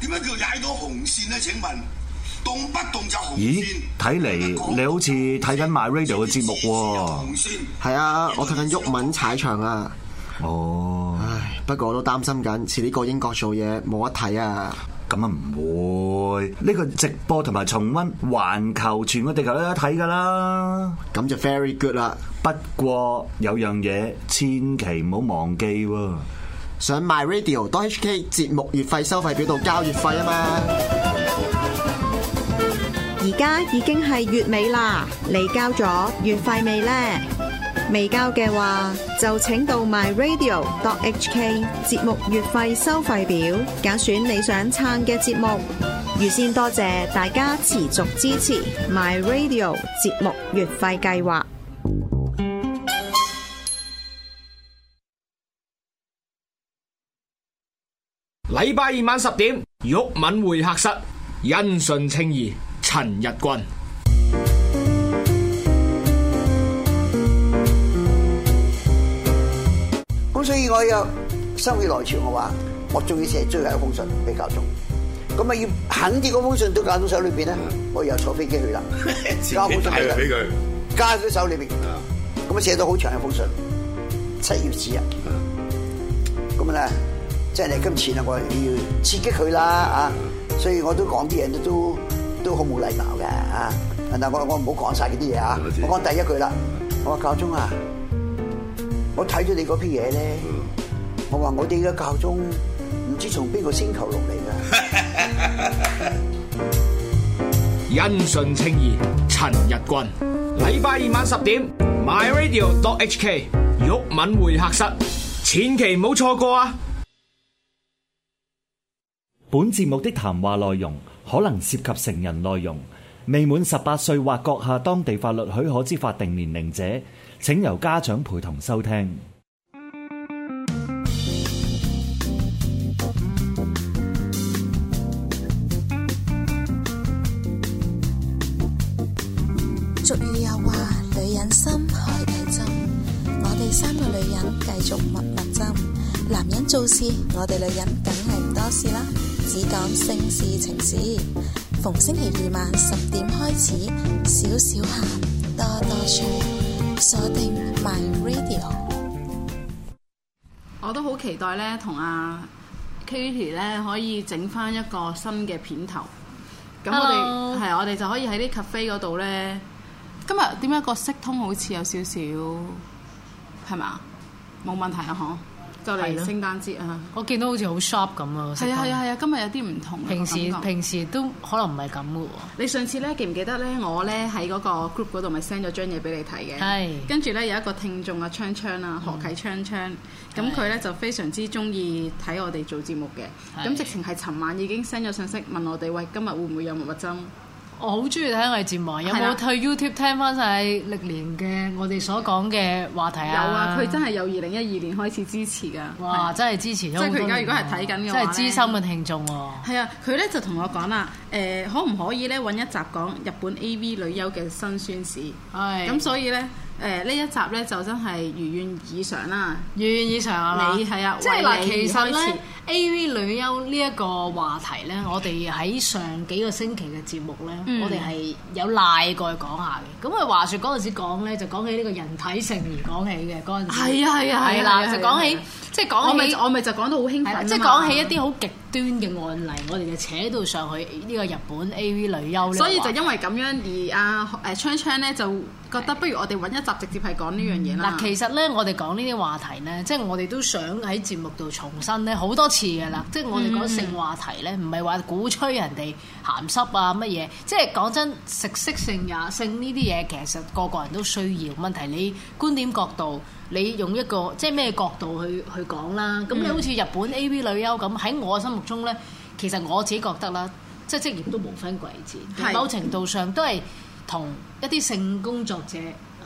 點解叫踩到紅線咧？請問動不動就紅線？咦，睇嚟你好似睇緊 My Radio 嘅節目喎。係啊，我睇緊毓民踩場啊。哦，唉，不過我都擔心緊，似呢個英國做嘢冇得睇啊。咁啊唔會，呢個直播同埋重溫，環球全個地球都有得睇噶啦。咁 就 very good 啦。不過有樣嘢，千祈唔好忘記喎。想 myradio.hk 節目月費收費表度交月費啊嘛，而家已經係月尾啦，你交咗月費未呢？未交嘅話就請到 myradio.hk 節目月費收費表揀選你想撐嘅節目，預先多謝大家持續支持 myradio 節目月費計劃。禮拜二晚十點，玉敏會客室，恩信清兒，陳日君。咁所以我又心血來潮我話，我仲要寫最後一封信俾教宗。咁啊要肯啲嗰封信都教到手裏邊咧，嗯、我又坐飛機去啦， 自己 加封信俾佢，他加喺手裏邊。咁啊寫到好長一封信，七頁紙啊。咁咧、嗯？即係你今次啊，我要刺激佢啦啊！的所以我都講啲嘢都都好冇禮貌嘅啊！但係的我我唔好講晒嗰啲嘢啊！我講第一句啦，的我話教宗啊，嗯、我睇咗你嗰篇嘢咧，嗯、我話我哋嘅教宗唔知從邊個星球落嚟㗎。因信稱義，陳日君，禮拜二晚十點 myradio.hk 玉敏會客室，千祈唔好錯過啊！本節目的談話內容可能涉及成人內容，未滿十八歲或閣下當地法律許可之法定年齡者，請由家長陪同收聽。俗語又話：女人心海底針，我哋三個女人繼續密密針。男人做事，我哋女人緊。考試啦！只講性事情事，逢星期二晚十點開始，少少鹹，多多趣。鎖定 My Radio。我都好期待咧，同阿 Kitty 咧可以整翻一個新嘅片頭。咁我哋係 Hello.，我哋就可以喺啲 cafe 嗰度咧。今日點解個色通好似有少少係咪？冇問題啊，嗬。就嚟聖誕節的啊！我見到好似好 shop 咁啊！係啊係啊係啊！今日有啲唔同，平時平時都可能唔係咁嘅喎。你上次咧記唔記得咧？我咧喺嗰個 group 嗰度咪 send 咗張嘢俾你睇嘅。係的。跟住咧有一個聽眾啊，昌昌啊，何啟昌昌，咁佢咧就非常之中意睇我哋做節目嘅。咁的直情係尋晚已經 send 咗信息問我哋，喂，今日會唔會有蜜蜜針？我好中意睇我哋節目，有冇喺 YouTube 聽翻晒歷年嘅我哋所講嘅話題啊？有啊，佢真係由二零一二年開始支持㗎。哇！真係支持咗！即係佢而家如果係睇緊嘅話咧，即係資深嘅聽眾喎。係啊，佢咧、啊、就同我講啦，誒、呃，可唔可以咧揾一集講日本 AV 女優嘅辛酸史？係咁是，所以咧，誒、呃、呢一集咧就真係如願以償啦，如願以償你，嘛？係啊，即係嗱，其實咧。A.V. 女優呢一個話題咧，我哋喺上幾個星期嘅節目咧，嗯、我哋係有賴過去講下嘅。咁啊，話説嗰陣時講咧，就講起呢個人體性而講起嘅嗰陣時，係啊係啊係啦，對啦就，就是、講起即係講我咪我咪就講到好興奮，即係講起一啲好極端嘅案例，我哋就扯到上去呢個日本 A.V. 女優咧。所以就因為咁樣而阿、啊、誒、啊，昌昌咧，就覺得不如我哋揾一集直接係講呢樣嘢啦。嗱、嗯，其實咧，我哋講呢啲話題咧，即、就、係、是、我哋都想喺節目度重申咧好多次嘅啦。即、就、係、是、我哋講性話題咧，唔係話鼓吹人哋鹹濕啊乜嘢。即係講真，食色性也性呢啲嘢，其實個個人都需要。問題，你觀點角度。你用一個即係咩角度去去講啦？咁你好似日本 AV 女優咁，喺我心目中咧，其實我自己覺得啦，即係職業都無分貴賤，是的 某程度上都係同一啲性工作者。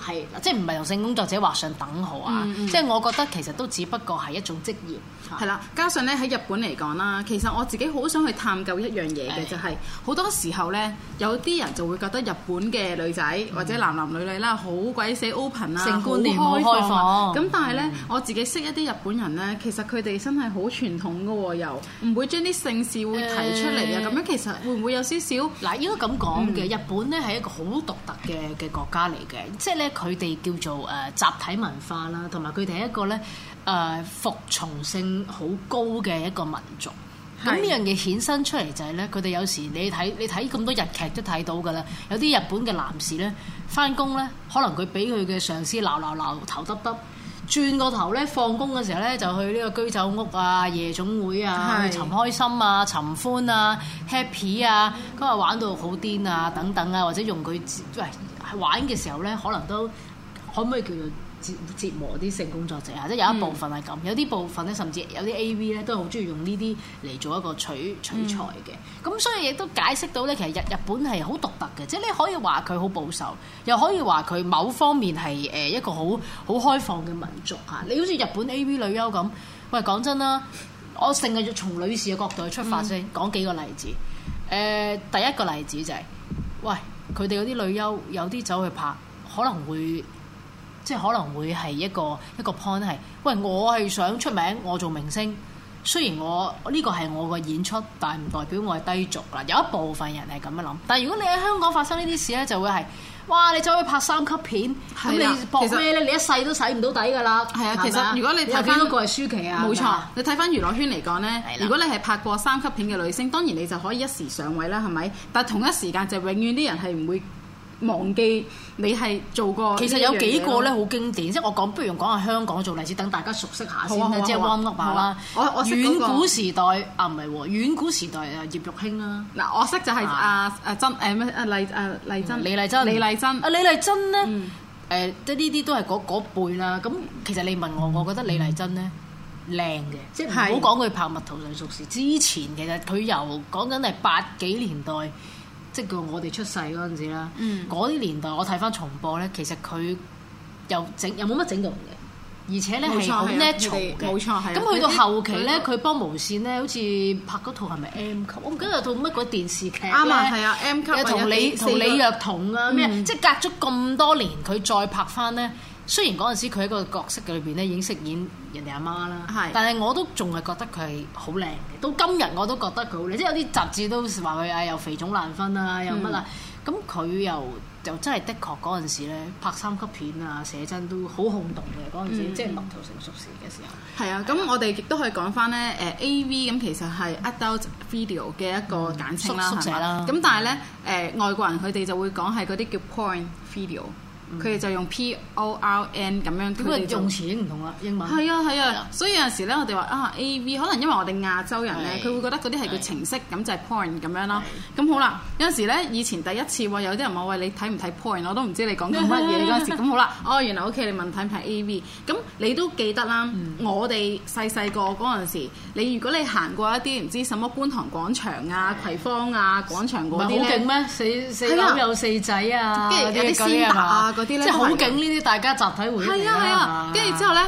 係，即係唔係同性工作者畫上等號啊？即係我覺得其實都只不過係一種職業。係啦，加上咧喺日本嚟講啦，其實我自己好想去探究一樣嘢嘅，就係好多時候咧，有啲人就會覺得日本嘅女仔或者男男女女啦，好鬼死 open 啦，性觀念，好開放。咁但係咧，我自己識一啲日本人咧，其實佢哋真係好傳統嘅喎，又唔會將啲性事會提出嚟啊。咁樣其實會唔會有少少？嗱，應該咁講嘅，日本咧係一個好獨特嘅嘅國家嚟嘅，即係咧。佢哋叫做誒集體文化啦，同埋佢哋係一個咧誒服從性好高嘅一個民族。咁呢的樣嘢衍生出嚟就係、是、咧，佢哋有時你睇你睇咁多日劇都睇到㗎啦，有啲日本嘅男士咧翻工咧，可能佢俾佢嘅上司鬧鬧鬧，頭耷耷。轉個頭咧，放工嘅時候咧，就去呢個居酒屋啊、夜總會啊，是去尋開心啊、尋歡啊、 happy 啊，今日玩到好癲啊，等等啊，或者用佢，喂，玩嘅時候咧，可能都可唔可以叫做？折磨啲性工作者啊！即有一部分係咁，嗯、有啲部分咧，甚至有啲 AV 咧，都好中意用呢啲嚟做一個取取材嘅。咁、嗯、所以亦都解釋到咧，其實日日本係好獨特嘅，即係你可以話佢好保守，又可以話佢某方面係誒一個好好開放嘅民族嚇。你好似日本 AV 女優咁，喂，講真啦，我成日從女士嘅角度出發先，講幾個例子。誒、嗯呃，第一個例子就係、是，喂，佢哋嗰啲女優有啲走去拍，可能會。即係可能會係一個一個 point 係，喂，我係想出名，我做明星。雖然我呢個係我個演出，但係唔代表我係低俗啦。有一部分人係咁樣諗。但係如果你喺香港發生呢啲事咧，就會係，哇！你走去拍三級片，咁你搏咩咧？你一世都洗唔到底㗎啦。係啊，其實如果你睇翻嗰個係舒淇啊，冇錯，你睇翻娛樂圈嚟講咧，如果你係拍過三級片嘅女星，當然你就可以一時上位啦，係咪？但係同一時間就永遠啲人係唔會。忘記你係做過。其實有幾個咧，好經典，即係我講，不如用講下香港做例子，等大家熟悉下先，即係彎彎曲曲啦。我我遠古時代啊，唔係喎，遠古時代啊，葉玉卿啦。嗱，我識就係阿阿珍，誒啊麗啊麗珍，李麗珍，李麗珍啊，李麗珍咧，誒即係呢啲都係嗰嗰輩啦。咁其實你問我，我覺得李麗珍咧靚嘅，即係唔好講佢拍蜜桃成熟時。之前，其實佢由講緊係八幾年代。即係我哋出世嗰陣時啦，嗰啲、嗯、年代我睇翻重播咧，其實佢又整又冇乜整到嘅，而且咧係好 natural 嘅。冇錯，咁去到後期咧，佢幫無線咧，好似拍嗰套係咪 M 級？我唔記得有套乜鬼電視劇咧。啱啊，係啊，M 級你、嗯、啊，同李同李若彤啊，咩？即係隔咗咁多年，佢再拍翻咧。雖然嗰陣時佢喺個角色裏邊咧已經飾演人哋阿媽啦，是但係我都仲係覺得佢係好靚嘅。到今日我都覺得佢好靚，即係有啲雜誌都話佢啊又肥腫難分啦，又乜啦。咁佢、嗯、又就真係的確嗰陣時咧拍三級片啊，寫真都好轟動嘅嗰陣時，嗯、即係蜜桃成熟時嘅時候。係啊、嗯，咁吧我哋亦都可以講翻咧，誒 A V 咁其實係 Adult Video 嘅一個簡稱、嗯、宿宿舍啦，係嘛？咁但係咧，誒、呃、外國人佢哋就會講係嗰啲叫 Porn Video。佢哋就用 porn 咁樣，咁啊用詞唔同啦，英文。係啊係啊，所以有陣時咧，我哋話啊，AV 可能因為我哋亞洲人咧，佢會覺得嗰啲係叫情色，咁就係 porn 咁樣咯。咁好啦，有陣時咧，以前第一次喎，有啲人話喂，你睇唔睇 porn 我都唔知你講緊乜嘢嗰陣時。咁好啦，哦，原來 O.K. 你問睇唔睇 AV，咁你都記得啦。我哋細細個嗰陣時，你如果你行過一啲唔知什麼觀塘廣場啊、葵芳啊、廣場嗰啲咧，唔係好勁咩？四四口有四仔啊，跟住有啲先打啊嗰～即係好勁呢啲，的大家集體回憶嘅。係啊係啊，跟住之後咧。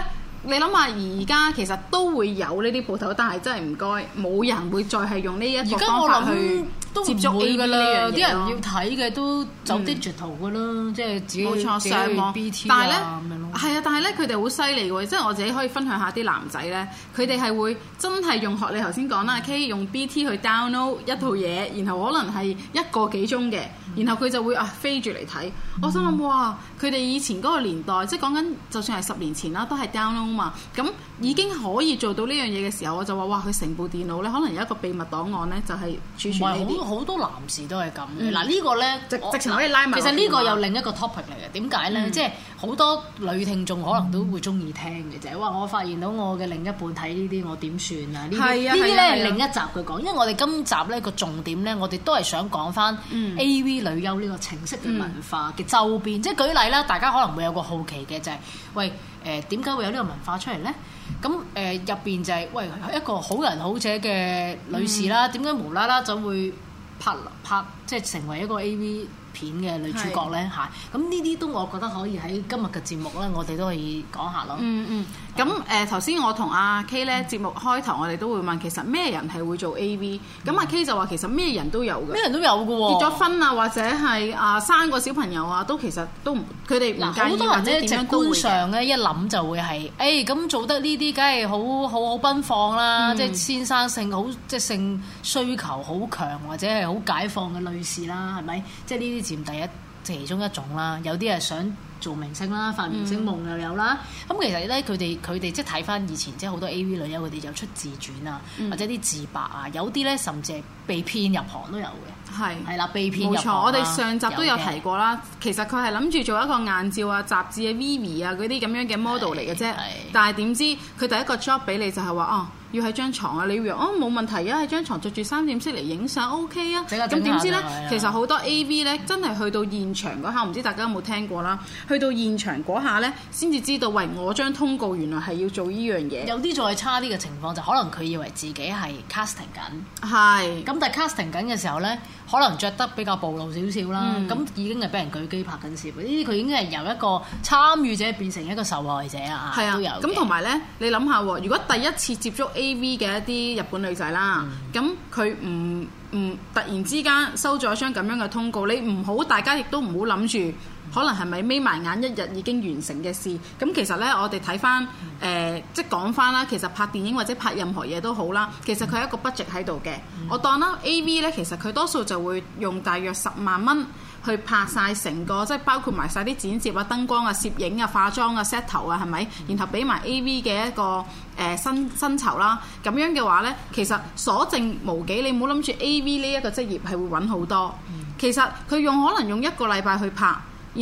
你諗下，而家其實都會有呢啲鋪頭，但係真係唔該，冇人會再係用呢一個方法去接觸 A P P 呢啲人要睇嘅都走 digital 噶啦，嗯、即係自己上網。但係呢咧，係啊，但係咧，佢哋好犀利嘅喎，即係我自己可以分享下啲男仔咧，佢哋係會真係用學你頭先講啦，K 用，用 B T 去 download 一套嘢，然後可能係一個幾鐘嘅，然後佢就會啊飛住嚟睇。 我心諗哇～佢哋以前嗰個年代，即係講緊，就算係十年前啦，都係 download 嘛。咁已經可以做到呢樣嘢嘅時候，我就話：哇！佢成部電腦咧，可能有一個秘密檔案咧，就係儲存呢啲。唔係，好多男士都係咁。嗱、嗯，啊呢個、呢個咧，直直情可以拉埋。我其實呢個有另一個 topic 嚟嘅，點解咧？嗯、即係。好多女聽眾可能都會中意聽嘅就係，哇、嗯！我發現到我嘅另一半睇呢啲，我點算啊？啊呢啲呢係另一集佢講，因為我哋今集呢個重點呢，我哋都係想講返 A V 女優呢個情色嘅文化嘅周邊。即係、嗯嗯、舉例啦，大家可能會有個好奇嘅就係、是，喂誒點解會有呢個文化出嚟呢？咁誒入邊就係、是，喂一個好人好姐嘅女士啦，點解無啦啦就會拍拍即係成為一個 A V？片嘅女主角咧，吓，咁呢啲都我覺得可以喺今日嘅節目咧，我哋都可以講下咯、嗯。嗯嗯。咁誒頭先我同阿 K 咧節、嗯、目開頭我哋都會問，其實咩人係會做 AV？咁阿 K 就話，其實咩人都有嘅，咩人都有嘅結咗婚啊，或者係啊生個小朋友啊，都、啊、其實都唔佢哋。嗱，好多人咧，直觀上咧一諗就會係誒咁做得呢啲，梗係好好好奔放啦，嗯、即係先生性好，即係性需求好強或者係好解放嘅女士啦，係咪？即係呢啲。佔第一，其中一種啦，有啲係想做明星啦，發明星夢又有啦。咁、嗯、其實咧，佢哋佢哋即係睇返以前，即係好多 A.V. 女優，佢哋有出自傳啊，或者啲自白啊，有啲咧甚至係。被騙入行都有嘅，係係啦，被騙。冇錯，我哋上集都有提過啦。的其實佢係諗住做一個硬照啊、雜誌啊、ViVi 啊嗰啲咁樣嘅 model 嚟嘅啫。但係點知佢第一個 job 俾你就係話哦，要喺張床啊，你要哦冇問題、啊，而家喺張床着住三點式嚟影相 OK 啊。咁點知呢？其實好多 AV 呢，真係去到現場嗰下，唔、嗯、知大家有冇聽過啦？去到現場嗰下呢，先至知道喂，我張通告原來係要做呢樣嘢。有啲再差啲嘅情況就可能佢以為自己係 casting 緊的。係。咁但 casting 緊嘅時候咧，可能着得比較暴露少少啦，咁、嗯、已經係俾人舉機拍緊攝，呢啲佢已經係由一個參與者變成一個受害者啊！係啊、嗯，咁同埋咧，你諗下喎，如果第一次接觸 AV 嘅一啲日本女仔啦，咁佢唔唔突然之間收咗一張咁樣嘅通告，你唔好，大家亦都唔好諗住。可能係咪眯埋眼一日已經完成嘅事咁？其實呢，我哋睇翻誒，即係講翻啦。其實拍電影或者拍任何嘢都好啦，其實佢係一個 budget 喺度嘅。嗯、我當啦，A.V. 呢，其實佢多數就會用大約十萬蚊去拍晒成個，嗯、即係包括埋晒啲剪接啊、燈光啊、攝影啊、化妝啊、set 頭啊，係咪？嗯、然後俾埋 A.V. 嘅一個誒薪薪酬啦。咁樣嘅話呢，其實所剩無幾。你唔好諗住 A.V. 呢一個職業係會揾好多。嗯、其實佢用可能用一個禮拜去拍。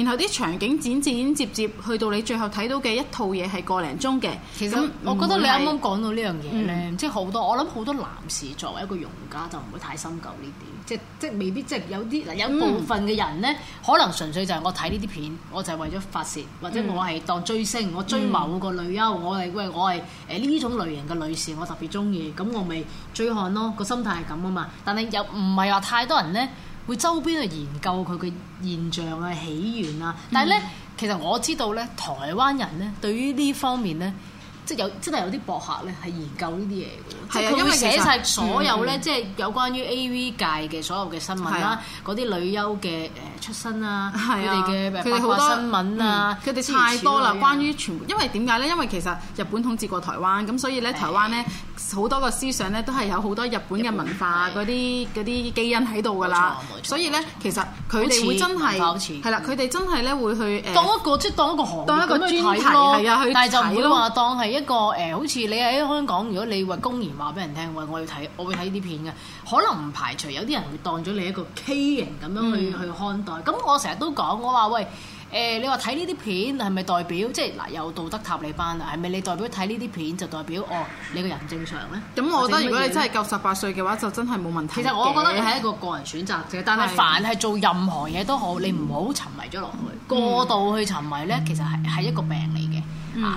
然後啲場景剪剪接接，去到你最後睇到嘅一套嘢係個零鐘嘅。其實，我覺得你啱啱講到呢樣嘢呢，嗯嗯、即係好多。我諗好多男士作為一個用家，就唔會太深究呢啲。即係未必，即係有啲有部分嘅人呢，嗯、可能純粹就係我睇呢啲片，我就係為咗發泄，或者我係當追星，我追某個女優、嗯，我係喂我係誒呢種類型嘅女士，我特別中意，咁我咪追看咯。個心態係咁啊嘛。但係又唔係話太多人呢。會周邊去研究佢嘅現象啊、起源啊，但係咧，嗯、其實我知道咧，台灣人咧對於呢方面咧。即係有，真係有啲博客咧，係研究呢啲嘢嘅喎。係啊，因為寫曬所有咧，即係有關於 A.V. 界嘅所有嘅新聞啦，嗰啲女優嘅誒出身啊，佢哋嘅佢哋好多新聞啊，佢哋太多啦。關於全，因為點解咧？因為其實日本統治過台灣，咁所以咧，台灣咧好多個思想咧都係有好多日本嘅文化嗰啲啲基因喺度㗎啦。所以咧，其實佢哋會真係係啦，佢哋真係咧會去當一個即係當一個行業咁去睇咯，但係就唔會話當係。一個誒、欸，好似你喺香港，如果你話公然話俾人聽，喂，我要睇，我會睇呢啲片嘅，可能唔排除有啲人會當咗你一個畸形咁樣去去看待。咁、嗯、我成日都講，我話喂，誒、欸，你話睇呢啲片係咪代表，即係嗱，有道德塔利班啊？係咪你代表睇呢啲片就代表哦，你個人正常咧？咁我覺得如果你真係夠十八歲嘅話，就真係冇問題。其實我覺得你係一個個人選擇啫，但係是凡係做任何嘢都好，你唔好沉迷咗落去，過度去沉迷咧，嗯、其實係係一個病嚟。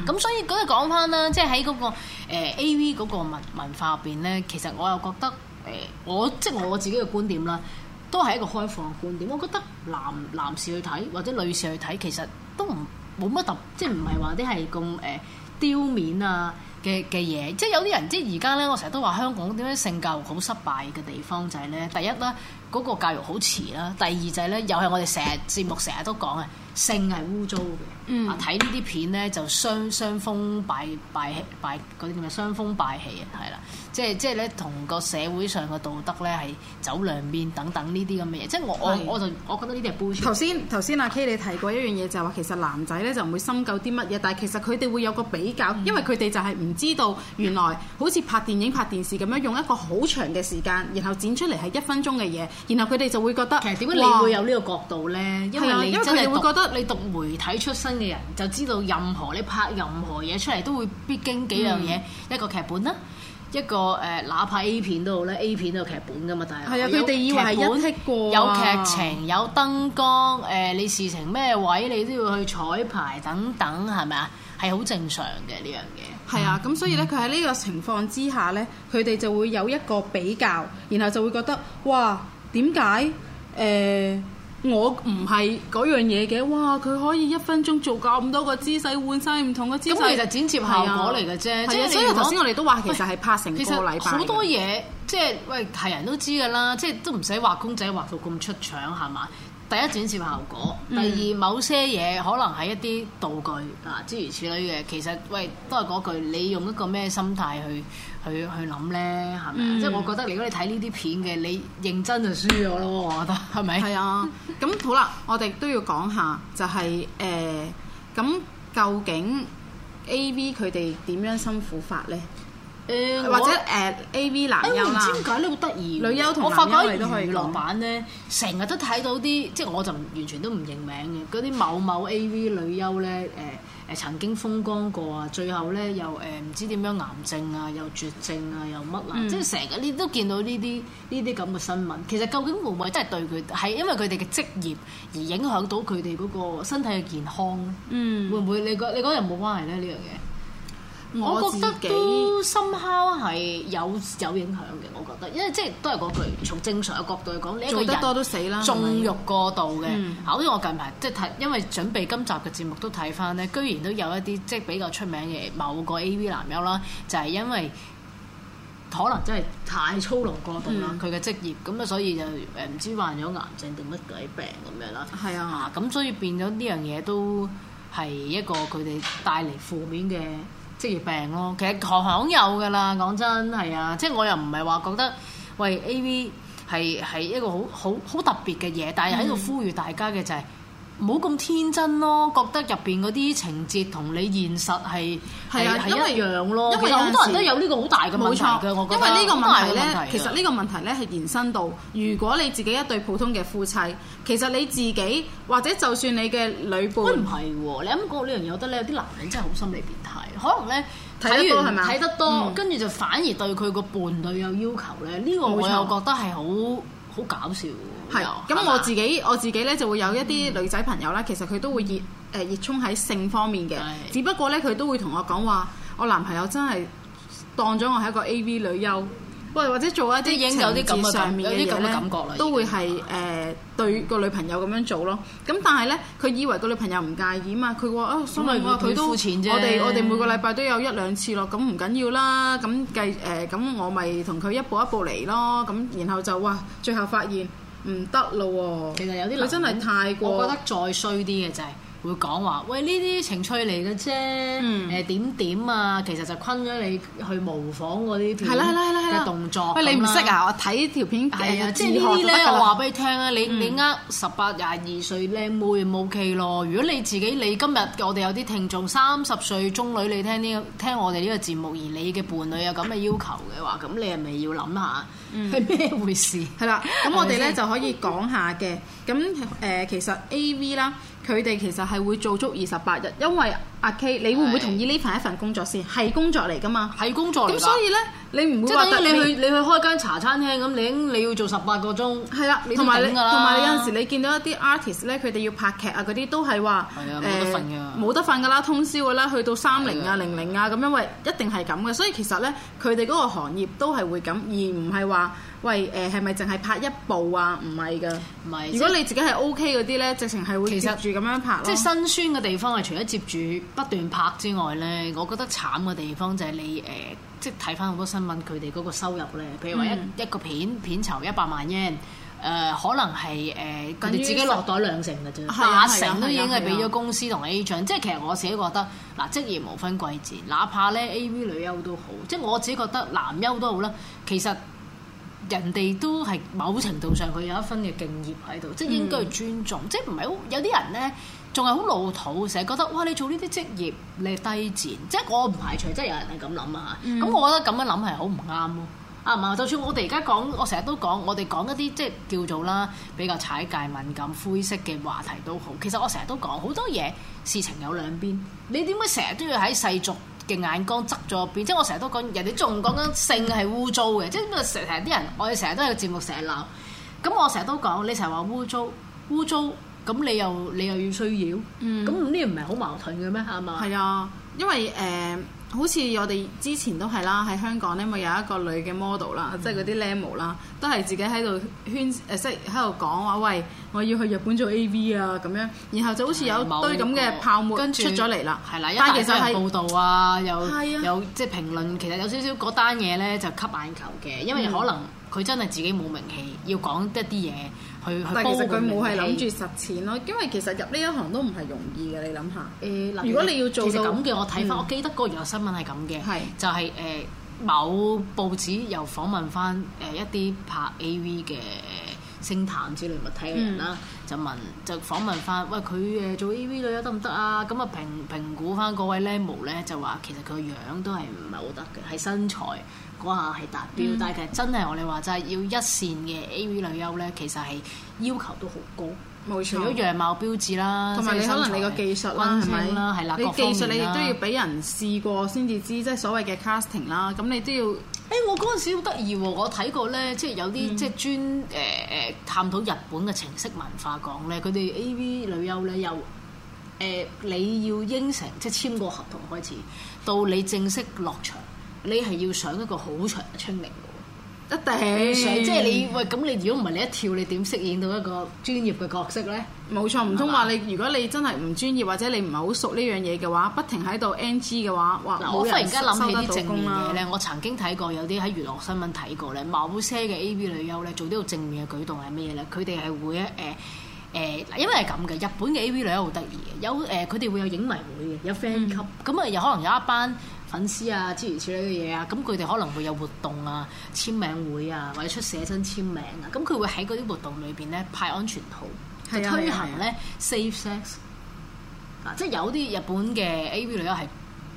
咁、嗯、所以嗰日講翻啦，即係喺嗰個 AV 嗰個文文化入邊咧，其實我又覺得誒，我即係我自己嘅觀點啦，都係一個開放嘅觀點。我覺得男男士去睇或者女士去睇，其實都唔冇乜特，即係唔係話啲係咁誒丟面啊嘅嘅嘢。即係有啲人即係而家咧，我成日都話香港點樣性教育好失敗嘅地方就係咧，第一啦嗰、嗰個教育好遲啦，第二就係、係、咧又係我哋成日節目成日都講嘅。性係污糟嘅，啊睇呢啲片咧就傷傷風敗敗敗嗰啲叫咩？傷風敗氣啊，係啦，即係即係咧同個社會上嘅道德咧係走兩邊等等呢啲咁嘅嘢。即係我的我我就我覺得呢啲係杯。頭先頭先阿 K 你提過一樣嘢就係話其實男仔咧就唔會深究啲乜嘢，但係其實佢哋會有個比較，因為佢哋就係唔知道原來好似拍電影拍電視咁樣用一個好長嘅時間，然後剪出嚟係一分鐘嘅嘢，然後佢哋就會覺得其實點解你會有呢個角度咧？哇因為你真係會覺得。你讀媒體出身嘅人就知道，任何你拍任何嘢出嚟，都會必經幾樣嘢、嗯、一個劇本啦。一個誒、呃，哪怕 A 片都好咧，A 片都有劇本㗎嘛，但係。係啊，佢哋以為係一踢過，啊。有劇情、有燈光、誒、呃，你事情咩位，你都要去彩排等等，係咪啊？係好正常嘅呢樣嘢。係啊，咁所以咧，佢喺呢個情況之下咧，佢哋就會有一個比較，然後就會覺得嘩，點解誒？我唔係嗰樣嘢嘅，哇！佢可以一分鐘做咁多個姿勢，換曬唔同嘅姿勢。咁其實剪接效果嚟嘅啫，係啊，所以頭先我哋都話其實係拍成個禮拜。其實好多嘢，即係喂係人都知㗎啦，即係都唔使畫公仔畫到咁出腸，係嘛？第一轉示效果，第二，某些嘢可能係一啲道具嗱，諸如此類嘅，其實喂都係嗰句，你用一個咩心態去去去諗咧，係咪？即係、嗯、我覺得，如果你睇呢啲片嘅，你認真就輸咗咯，我覺得係咪？係啊，咁好啦，我哋都要講下，就係、是、誒，咁、呃、究竟 A V 佢哋點樣辛苦法咧？誒或者誒 A.V. 男優啦、呃，唔、啊、知點解咧好得意，女優同男優嚟都可以。娛樂版咧，成日都睇到啲，即係我就完全都唔認名嘅嗰啲某某 A.V. 女優咧，誒、呃、誒、呃、曾經風光過啊，最後咧又誒唔知點樣癌症啊，又絕症啊，又乜啊，嗯、即係成日你都見到呢啲呢啲咁嘅新聞。其實究竟會唔會真係對佢係因為佢哋嘅職業而影響到佢哋嗰個身體嘅健康咧？嗯、會唔會你覺你覺得有冇關係咧呢樣嘢？我，我覺得都深刻係有有影響嘅。我覺得，因為即係都係嗰句，從正常嘅角度嚟講，你一個中得多都死啦。縱慾過度嘅，好似、嗯、我近排即係睇，因為準備今集嘅節目都睇翻咧，居然都有一啲即係比較出名嘅某個 A V 男優啦，就係、是、因為可能真係太操勞過度啦。佢嘅、嗯、職業咁、嗯、啊，所以就誒唔知患咗癌症定乜鬼病咁樣啦。係啊，咁所以變咗呢樣嘢都係一個佢哋帶嚟負面嘅。職業病咯，其實行行有㗎啦，講真係啊，即係我又唔係話覺得喂 A V 係係一個好好好特別嘅嘢，但係喺度呼籲大家嘅就係、是。嗯冇咁天真咯，覺得入邊嗰啲情節同你現實係係係一樣咯。因為好多人都有呢個好大嘅問題，冇錯，因為呢個問題咧，其實呢個問題咧係延伸到如果你自己一對普通嘅夫妻，嗯、其實你自己或者就算你嘅女伴唔係、哦、你諗過女人有得咧，有啲男人真係好心理變態，可能咧睇完睇得多，跟住完、嗯、就反而對佢個伴侶有要求咧。呢、呢個我又覺得係好好搞笑。係咁，我自己我自己咧就會有一啲女仔朋友啦。其實佢都會熱誒熱衷喺性方面嘅，只不過咧佢都會同我講話，我男朋友真係當咗我係一個 AV 女優，或或者做一啲影友啲上面嘅嘢，都會係誒對個女朋友咁樣做咯。咁但係咧，佢以為個女朋友唔介意嘛？佢話啊，心裏面佢都我哋我哋每個禮拜都有一兩次咯，咁唔緊要啦。咁計誒咁我咪同佢一步一步嚟咯。咁然後就哇，最後發現。唔得咯，其實有啲女真係太過，覺得再衰啲嘅就係、是。會講話，喂呢啲情趣嚟嘅啫，誒點點啊，其實就昆咗你去模仿嗰啲片嘅動作。喂， 你唔識啊？我睇條片嘅，即係、哎、呀呢啲咧，我話俾你聽啊！你你呃十八廿二歲靚妹就 OK 咯。如果你自己，你今日我哋有啲聽眾三十歲中女，你聽呢聽我哋呢個節目而你嘅伴侶有咁嘅要求嘅話，咁你係咪要諗下係咩回事？係啦， 咁我哋咧就可以講下嘅。咁誒， 其實 AV 啦。佢哋其實係會做足二十八日，因為阿 K，你會唔會同意呢份一份工作先？係是工作嚟㗎嘛，係工作嚟㗎。咁所以咧，你唔會覺得你去你去開間茶餐廳咁，你你要做十八個鐘，係啦。同埋你同埋你，你有陣時你見到一啲 artist 咧，佢哋要拍劇啊嗰啲都係話冇得瞓㗎，呃，冇得瞓㗎啦，通宵㗎啦，去到三零啊零零啊咁，因為一定係咁嘅。所以其實咧，佢哋嗰個行業都係會咁，而唔係話。喂，誒係咪淨係拍一部啊？唔係噶，唔係是。如果你自己係 O K 嗰啲咧，直情係會接住咁樣拍咯，即係辛酸嘅地方係除咗接住不斷拍之外咧，我覺得慘嘅地方就係你誒、呃，即係睇翻好多新聞，佢哋嗰個收入咧，譬如話一一個片、嗯、片酬一百萬 yen、呃、可能係佢你自己落袋兩成嘅啫，八成都已經係俾咗公司同 A 獎。即係其實我自己覺得，嗱職業無分貴賤，哪怕咧 AV 女優都好，即係我自己覺得男優都好啦，其實。其實人哋都係某程度上佢有一分嘅敬業喺度，嗯、即係應該去尊重，嗯、即係唔係好有啲人咧，仲係好老土，成日覺得哇，你做呢啲職業你係低賤，嗯、即係我唔排除，嗯、即係有人係咁諗啊。咁、嗯、我覺得咁樣諗係好唔啱咯，啱唔啱？就算我哋而家講，我成日都講，我哋講一啲即係叫做啦，比較踩界敏感灰色嘅話題都好。其實我成日都講好多嘢，事情有兩邊，你點解成日都要喺世俗嘅眼光側咗邊，即係我成日都講，人哋仲講緊性係污糟嘅，即係成成啲人，我哋成日都喺個節目成日鬧，咁我成日都講你成日話污糟污糟，咁你又你又要需要，嗯，咁呢啲唔係好矛盾嘅咩？係嘛？係啊，因為誒。呃好似我哋之前都係啦，喺香港呢咪有一個女嘅 model 啦，嗯、即係嗰啲靚模啦，都係自己喺度圈誒識喺度講話，喂，我要去日本做 AV 啊咁樣，然後就好似有堆咁嘅泡沫出咗嚟啦。係啦，一大堆人報道啊，又，係啊有，有即係評論，其實有少少嗰單嘢咧就吸眼球嘅，因為可能佢真係自己冇名氣，要講一啲嘢。去但佢冇係諗住實踐咯，因為其實入呢一行都唔係容易嘅，你諗下。誒、欸，如果你要做到咁嘅，我睇翻，嗯、我記得個原來新聞係咁嘅，是的 就係、是、誒、呃、某報紙又訪問翻誒、呃、一啲拍 A V 嘅星探之類物體嘅人啦，嗯、就問就訪問翻，喂，佢誒做 A V 女優得唔得啊？咁啊評評估翻嗰位 Lemon 咧，就話其實佢個樣都係唔係好得嘅，係身材。嗰下係達標，嗯、但係其實真係我哋話就係要一線嘅 AV 女優咧，其實係要求都好高。冇錯錯，如果樣貌標緻啦，同埋你可能你，可能你個技術啦，係啦？是是啦你技術你亦都要俾人試過先至知，即、就、係、是、所謂嘅 casting 啦。咁你都要，誒我陣時好得意喎，我睇、啊、過咧、嗯呃，即係有啲即係專誒誒探討日本嘅情色文化講咧，佢哋 AV 女優咧又誒你要應承，即係簽個合同開始，到你正式落場。你係要上一個好長的春齡嘅喎，一定、嗯，嗯、即係你喂咁你如果唔係你一跳你點適應到一個專業嘅角色咧？冇錯，唔通話你吧如果你真係唔專業或者你唔係好熟呢樣嘢嘅話，不停喺度 NG 嘅話，哇！我忽然間諗起啲正面嘢咧，嗯、我曾經睇過有啲喺娛樂新聞睇過咧，某些嘅 AV 女優咧做呢個正面嘅舉動係咩嘢咧？佢哋係會誒誒、呃呃，因為係咁嘅，日本嘅 AV 女優好得意嘅，有誒佢哋會有影迷會嘅，有 friend 級，咁啊又可能有一班。粉絲啊，諸如此類嘅嘢啊，咁佢哋可能會有活動啊、簽名會啊，或者出寫真簽名啊，咁佢會喺嗰啲活動裏邊咧派安全套，啊、就推行咧、啊、safe sex。嗱、啊，即係有啲日本嘅 AV 女優係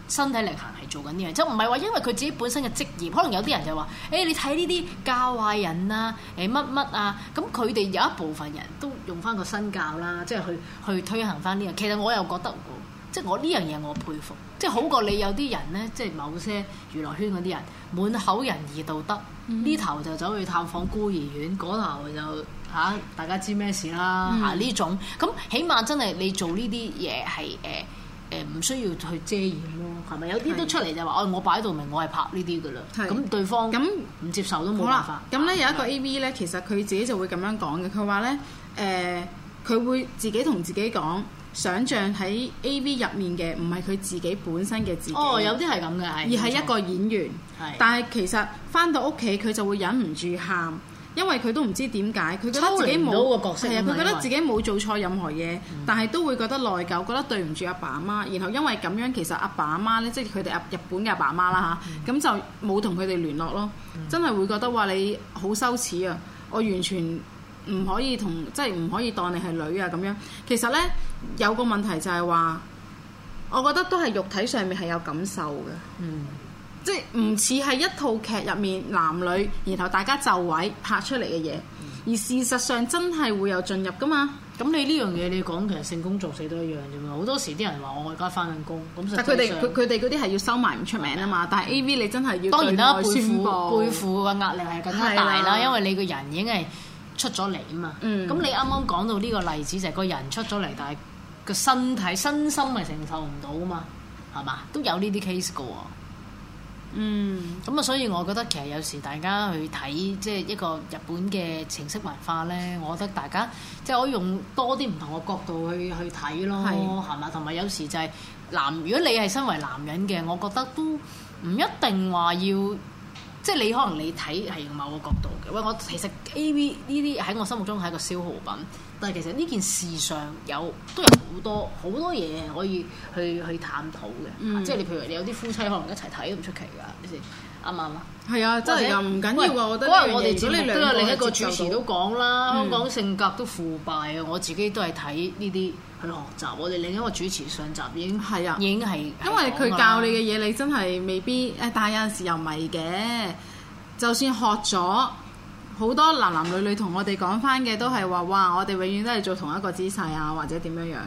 身體力行係做緊呢樣，就唔係話因為佢自己本身嘅職業可能有啲人就話誒、欸、你睇呢啲教壞人啊，誒乜乜啊，咁佢哋有一部分人都用翻個身教啦，即係去去推行翻啲嘢。其實我又覺得。即係我呢樣嘢，我佩服。即係好過你有啲人咧，即係某些娛樂圈嗰啲人滿口仁義道德，呢、嗯、頭就走去探訪孤兒院，嗰、嗯、頭就嚇、啊、大家知咩事啦嚇呢種。咁起碼真係你做呢啲嘢係誒誒唔需要去遮掩咯，係咪、嗯？有啲都出嚟就話我擺度明，我係拍呢啲㗎啦。咁的那對方咁唔接受都冇辦法。咁咧吧有一個 A V 咧，其實佢自己就會咁樣講嘅。佢話咧誒，佢、呃、會自己同自己講。想象喺 AV 入面嘅唔係佢自己本身嘅自己，哦，有啲係咁嘅，而係一個演員，冇錯。但係其實翻到屋企佢就會忍唔住喊，因為佢都唔知點解，佢覺得自己冇個角色的，係啊因為，佢覺得自己冇做錯任何嘢，嗯、但係都會覺得內疚，覺得對唔住阿爸阿媽，然後因為咁樣其實阿爸阿媽咧，即係佢哋日本嘅阿爸阿媽啦吓，咁、嗯、就冇同佢哋聯絡咯，嗯、真係會覺得話你好羞恥啊！我完全。唔可以同即係唔可以當你係女啊咁樣。其實呢，有個問題就係話，我覺得都係肉體上面係有感受嘅，嗯、即係唔似係一套劇入面男女，然後大家就位拍出嚟嘅嘢。而事實上真係會有進入噶嘛。咁、嗯、你呢樣嘢你講其實性工作死都一樣啫嘛。好多時啲人話我而家翻緊工咁，但佢哋佢哋嗰啲係要收埋唔出名啊嘛。但係 A V 你真係要，當然啦，背負背負嘅壓力係更加大啦，嗯、因為你個人已經係。出咗嚟啊嘛，咁、嗯、你啱啱講到呢個例子就係、是、個人出咗嚟，但係個身體身心咪承受唔到啊嘛，係嘛，都有呢啲 case 嘅喎。嗯，咁啊，所以我覺得其實有時大家去睇即係一個日本嘅情色文化咧，我覺得大家即係、就是、可以用多啲唔同嘅角度去去睇咯，係嘛是，同埋有，有時就係男，如果你係身為男人嘅，我覺得都唔一定話要。即係你可能你睇係用某個角度嘅，喂！我其實 A V 呢啲喺我心目中係一個消耗品，但係其實呢件事上有都有好多好多嘢可以去去探討嘅，嗯、即係你譬如你有啲夫妻可能一齊睇都唔出奇㗎，啱唔啱啊？係、嗯、吧啊，真係又唔緊要啊！者我覺得，因為我哋之前都有另一個主持都講啦，嗯、香港性格都腐敗啊！我自己都係睇呢啲。去學習，我哋另一個主持上集已經係啊，已經係因為佢教你嘅嘢，你真係未必誒，但係有陣時又唔係嘅。就算學咗好多男男女女同我哋講返嘅，都係話哇，我哋永遠都係做同一個姿勢啊，或者點樣樣，的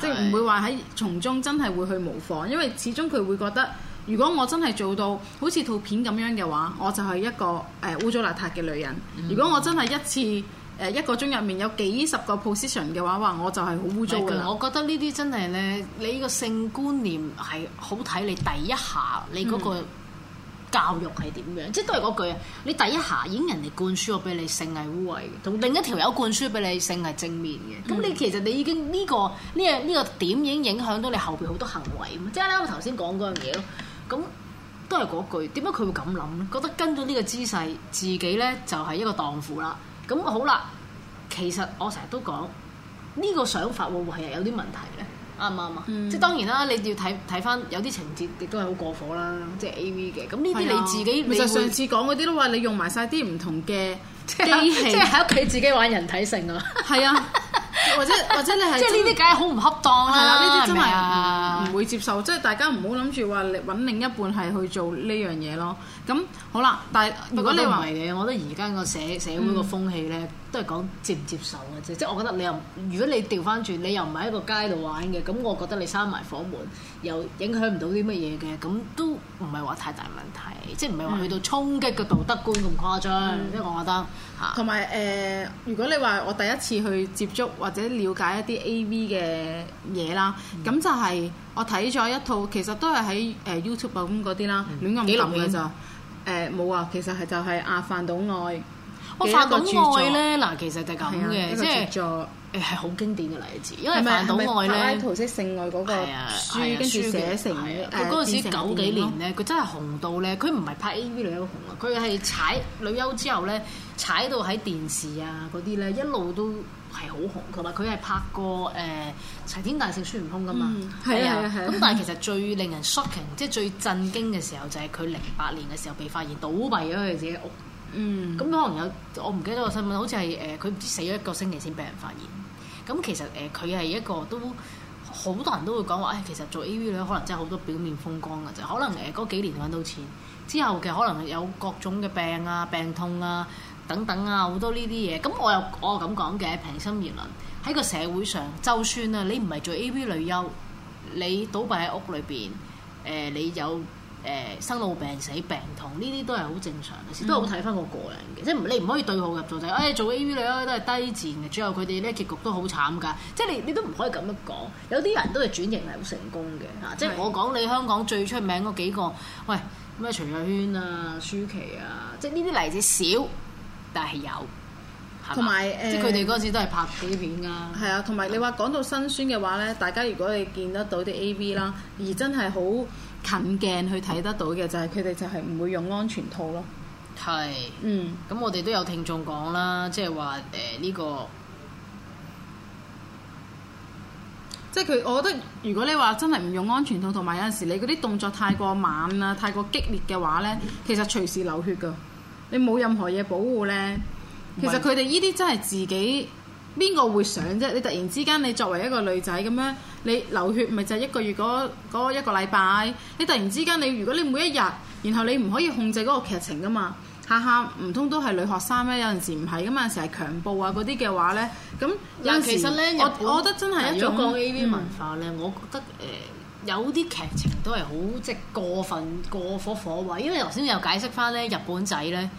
即係唔會話喺從中真係會去模仿，因為始終佢會覺得，如果我真係做到好似套片咁樣嘅話，我就係一個誒污糟邋遢嘅女人。嗯、如果我真係一次。誒一個鐘入面有幾十個 position 嘅話，話我就係好污糟嘅。我覺得呢啲真係咧，你個性觀念係好睇你第一下你嗰個教育係點樣，嗯、即係都係嗰句啊。你第一下已經人哋灌輸我俾你性係污穢嘅，同另一條友灌輸俾你性係正面嘅。咁、嗯、你其實你已經呢、呢個呢樣呢個點已經影響到你後邊好多行為，即係啱我頭先講嗰樣嘢，咁都係嗰句。點解佢會咁諗咧？覺得跟咗呢個姿勢，自己咧就係一個蕩婦啦。咁好啦，其實我成日都講呢、呢個想法會唔會係有啲問題嘅，啱唔啱啊？嗯、即係當然啦，你要睇睇翻有啲情節亦都係好過火啦，嗯、即係 A V 嘅。咁呢啲你自己其實上次講嗰啲都話你用埋晒啲唔同嘅機器即，即係喺屋企自己玩人體性啊。係啊。或者或者你係即係呢啲梗係好唔恰當啦，係啦、啊，呢啲真係唔會接受，即係嗎大家唔好諗住話揾另一半係去做呢樣嘢咯。咁好啦，但係如果你話嘅，我覺得而家個社社會個風氣咧，都係講接唔接受嘅啫。即係我覺得你又，如果你調翻轉，你又唔喺個街度玩嘅，咁我覺得你閂埋房門，又影響唔到啲乜嘢嘅，咁都唔係話太大問題，即係唔係話去到衝擊個道德觀咁誇張。即係、嗯、我覺得。同埋誒，如果你話我第一次去接觸或者了解一啲 A.V. 嘅嘢啦，咁、嗯、就係我睇咗一套，其實都係喺誒 YouTube 咁嗰啲啦，嗯、亂咁揼嘅就誒冇啊，其實係就係、啊阿飯島愛。我一個著作咧，嗱，其實就係咁嘅，一個著作，誒，係好經典嘅例子，因為飯島愛咧，柏拉圖式性愛嗰個書，跟住寫成嘅，佢嗰陣時九幾年咧，佢真係紅到咧，佢唔係拍 A V 女優紅啊，佢係踩女優之後咧，踩到喺電視啊嗰啲咧，一路都係好紅。同埋佢係拍過誒齊天大聖孫悟空㗎嘛，係啊，咁但係其實最令人 shocking，即係最震驚嘅時候就係佢零八年嘅時候被發現倒斃咗佢自己屋。嗯，咁可能有，我唔記得個新聞，好似係誒佢唔知死咗一個星期先俾人發現。咁、嗯、其實誒佢係一個都好多人都會講話，誒、哎、其實做 A. V. 女優可能真係好多表面風光嘅就可能誒嗰、呃、幾年揾到錢之後嘅可能有各種嘅病啊、病痛啊等等啊好多呢啲嘢。咁、嗯、我又我咁講嘅平心而論，喺個社會上，就算啊你唔係做 A. V. 女優，你倒閉喺屋裏邊，誒、呃、你有。誒、呃、生老病死病痛呢啲都係好正常嘅事，嗯、都好睇翻個個人嘅，即係你唔可以對號入座就誒、是哎、做 AV 女優，都係低賤嘅，最後佢哋咧結局都好慘㗎，即係你你都唔可以咁樣講。有啲人都係轉型係好成功嘅嚇，嗯、即係我講你香港最出名嗰幾個，喂咩徐若瑄啊、嗯、舒淇啊，即係呢啲例子少，但係有，同埋即係佢哋嗰陣時都係拍啲片㗎。係啊，同埋吧你話講到辛酸嘅話咧，大家如果你見得到啲 AV 啦，而真係好。近鏡去睇得到嘅，就係佢哋就係唔會用安全套咯。係，嗯，咁我哋都有聽眾講啦，即係話誒呢個，即係佢，我覺得如果你話真係唔用安全套，同埋有陣時你嗰啲動作太過猛啊，太過激烈嘅話呢，其實隨時流血噶，你冇任何嘢保護呢？其實佢哋呢啲真係自己。邊個會想啫？你突然之間，你作為一個女仔咁樣，你流血咪就係一個月嗰一個禮拜？你突然之間，你如果你每一日，然後你唔可以控制嗰個劇情噶嘛？下下唔通都係女學生咩？有陣時唔係噶嘛，成日強暴啊嗰啲嘅話呢。咁其實呢我我覺得真係一種 AV 文化呢。我覺得誒，嗯、得有啲劇情都係好即係過分過火火位，因為頭先又解釋翻呢日本仔呢。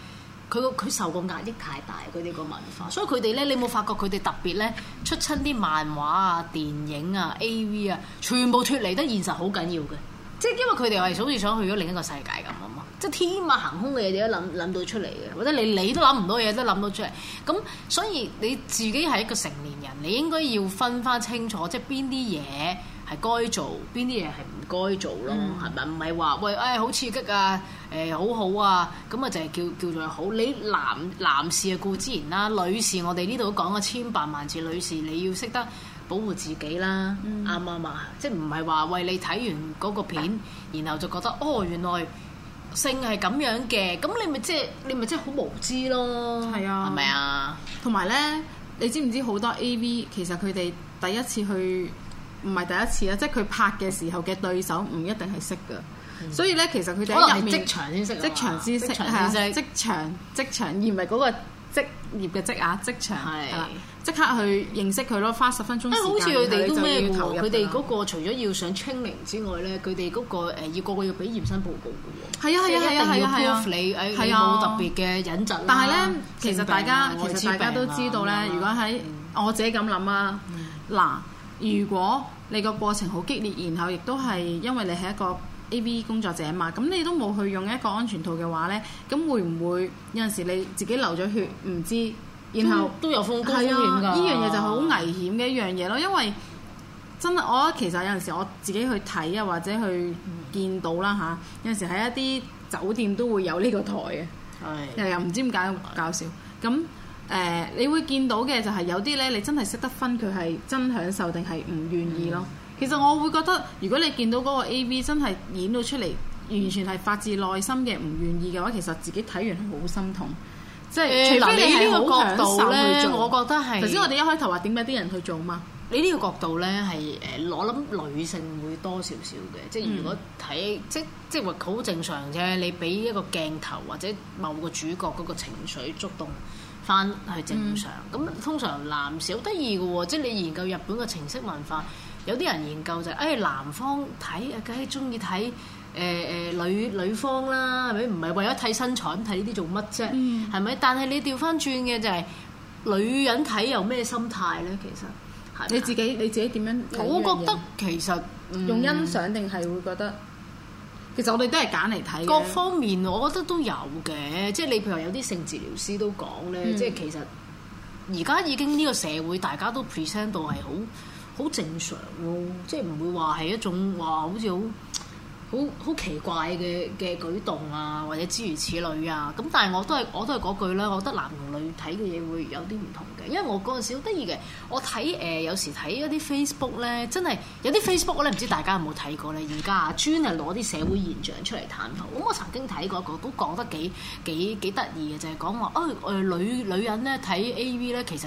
佢個佢受過壓抑太大，佢呢個文化，所以佢哋咧，你冇發覺佢哋特別咧出親啲漫畫啊、電影啊、AV 啊，全部脫離得現實好緊要嘅，即係因為佢哋係好似想去咗另一個世界咁啊嘛，即係天馬行空嘅嘢都諗諗到出嚟嘅，或者你你都諗唔到嘢都諗到出嚟，咁所以你自己係一個成年人，你應該要分翻清楚，即係邊啲嘢。係該做邊啲嘢係唔該做咯，係咪？唔係話喂，誒好刺激啊，誒好好啊，咁啊就係叫叫做好。你男男士啊固之然啦，女士我哋呢度講過千百萬次，女士你要識得保護自己啦，啱唔啱啊？即係唔係話喂你睇完嗰個片，然後就覺得哦原來性係咁樣嘅，咁你咪即係你咪即係好無知咯，係啊，係咪啊？同埋咧，你知唔知好多 AV 其實佢哋第一次去？唔係第一次啊！即係佢拍嘅時候嘅對手唔一定係識㗎，所以咧其實佢哋喺入面職場先識，職場先識係職場職場，而唔係嗰個職業嘅職啊職場係即刻去認識佢咯，花十分鐘。好似佢哋都咩喎？佢哋嗰個除咗要想清零之外咧，佢哋嗰個要個個要俾驗身報告嘅喎。係啊係啊係啊係啊！你誒有冇特別嘅引陣？但係咧，其實大家其實大家都知道咧。如果喺我自己咁諗啊，嗱。如果你個過程好激烈，然後亦都係因為你係一個 AV 工作者嘛，咁你都冇去用一個安全套嘅話呢，咁會唔會有陣時你自己流咗血唔知，然後都有風高風險。呢樣嘢就好危險嘅一樣嘢咯，因為真係我覺得其實有陣時我自己去睇啊，或者去見到啦嚇、啊，有陣時喺一啲酒店都會有呢個台嘅，又又唔知點解咁搞笑咁。嗯誒、呃，你會見到嘅就係有啲咧，你真係識得分佢係真享受定係唔願意咯。嗯、其實我會覺得，如果你見到嗰個 AV 真係演到出嚟，完全係發自內心嘅唔願意嘅話，其實自己睇完係好心痛。即係，誒、呃，即係你呢個角度咧、呃，呃、度我覺得係。頭先我哋一開頭話點解啲人去做嘛？你呢個角度咧係誒，我諗女性會多少少嘅。即係如果睇、嗯、即即話好正常啫，你俾一個鏡頭或者某個主角嗰個情緒觸動。翻去正常咁，通常男士得意嘅喎，即係你研究日本嘅情色文化，有啲人研究就係、是、誒、哎、男方睇啊，梗係中意睇誒誒女女方啦，係咪？唔係為咗睇身材睇呢啲做乜啫？係咪？嗯、但係你調翻轉嘅就係、是、女人睇又咩心態咧？其實是是你自己你自己點樣？我覺得其實、嗯、用欣賞定係會覺得。其實我哋都係揀嚟睇各方面，我覺得都有嘅。即係你譬如有啲性治療師都講咧，嗯、即係其實而家已經呢個社會大家都 present 到係好好正常咯，即係唔會話係一種話好似好。好好奇怪嘅嘅舉動啊，或者諸如此類啊，咁但係我都係我都係嗰句啦，我覺得男同女睇嘅嘢會有啲唔同嘅，因為我嗰陣時好得意嘅，我睇誒、呃、有時睇一啲 Facebook 咧，真係有啲 Facebook 咧，唔知大家有冇睇過咧，而家啊專係攞啲社會現象出嚟探討。咁我曾經睇過一個，都講得幾幾幾得意嘅，就係講話啊誒女女人咧睇 AV 咧，其實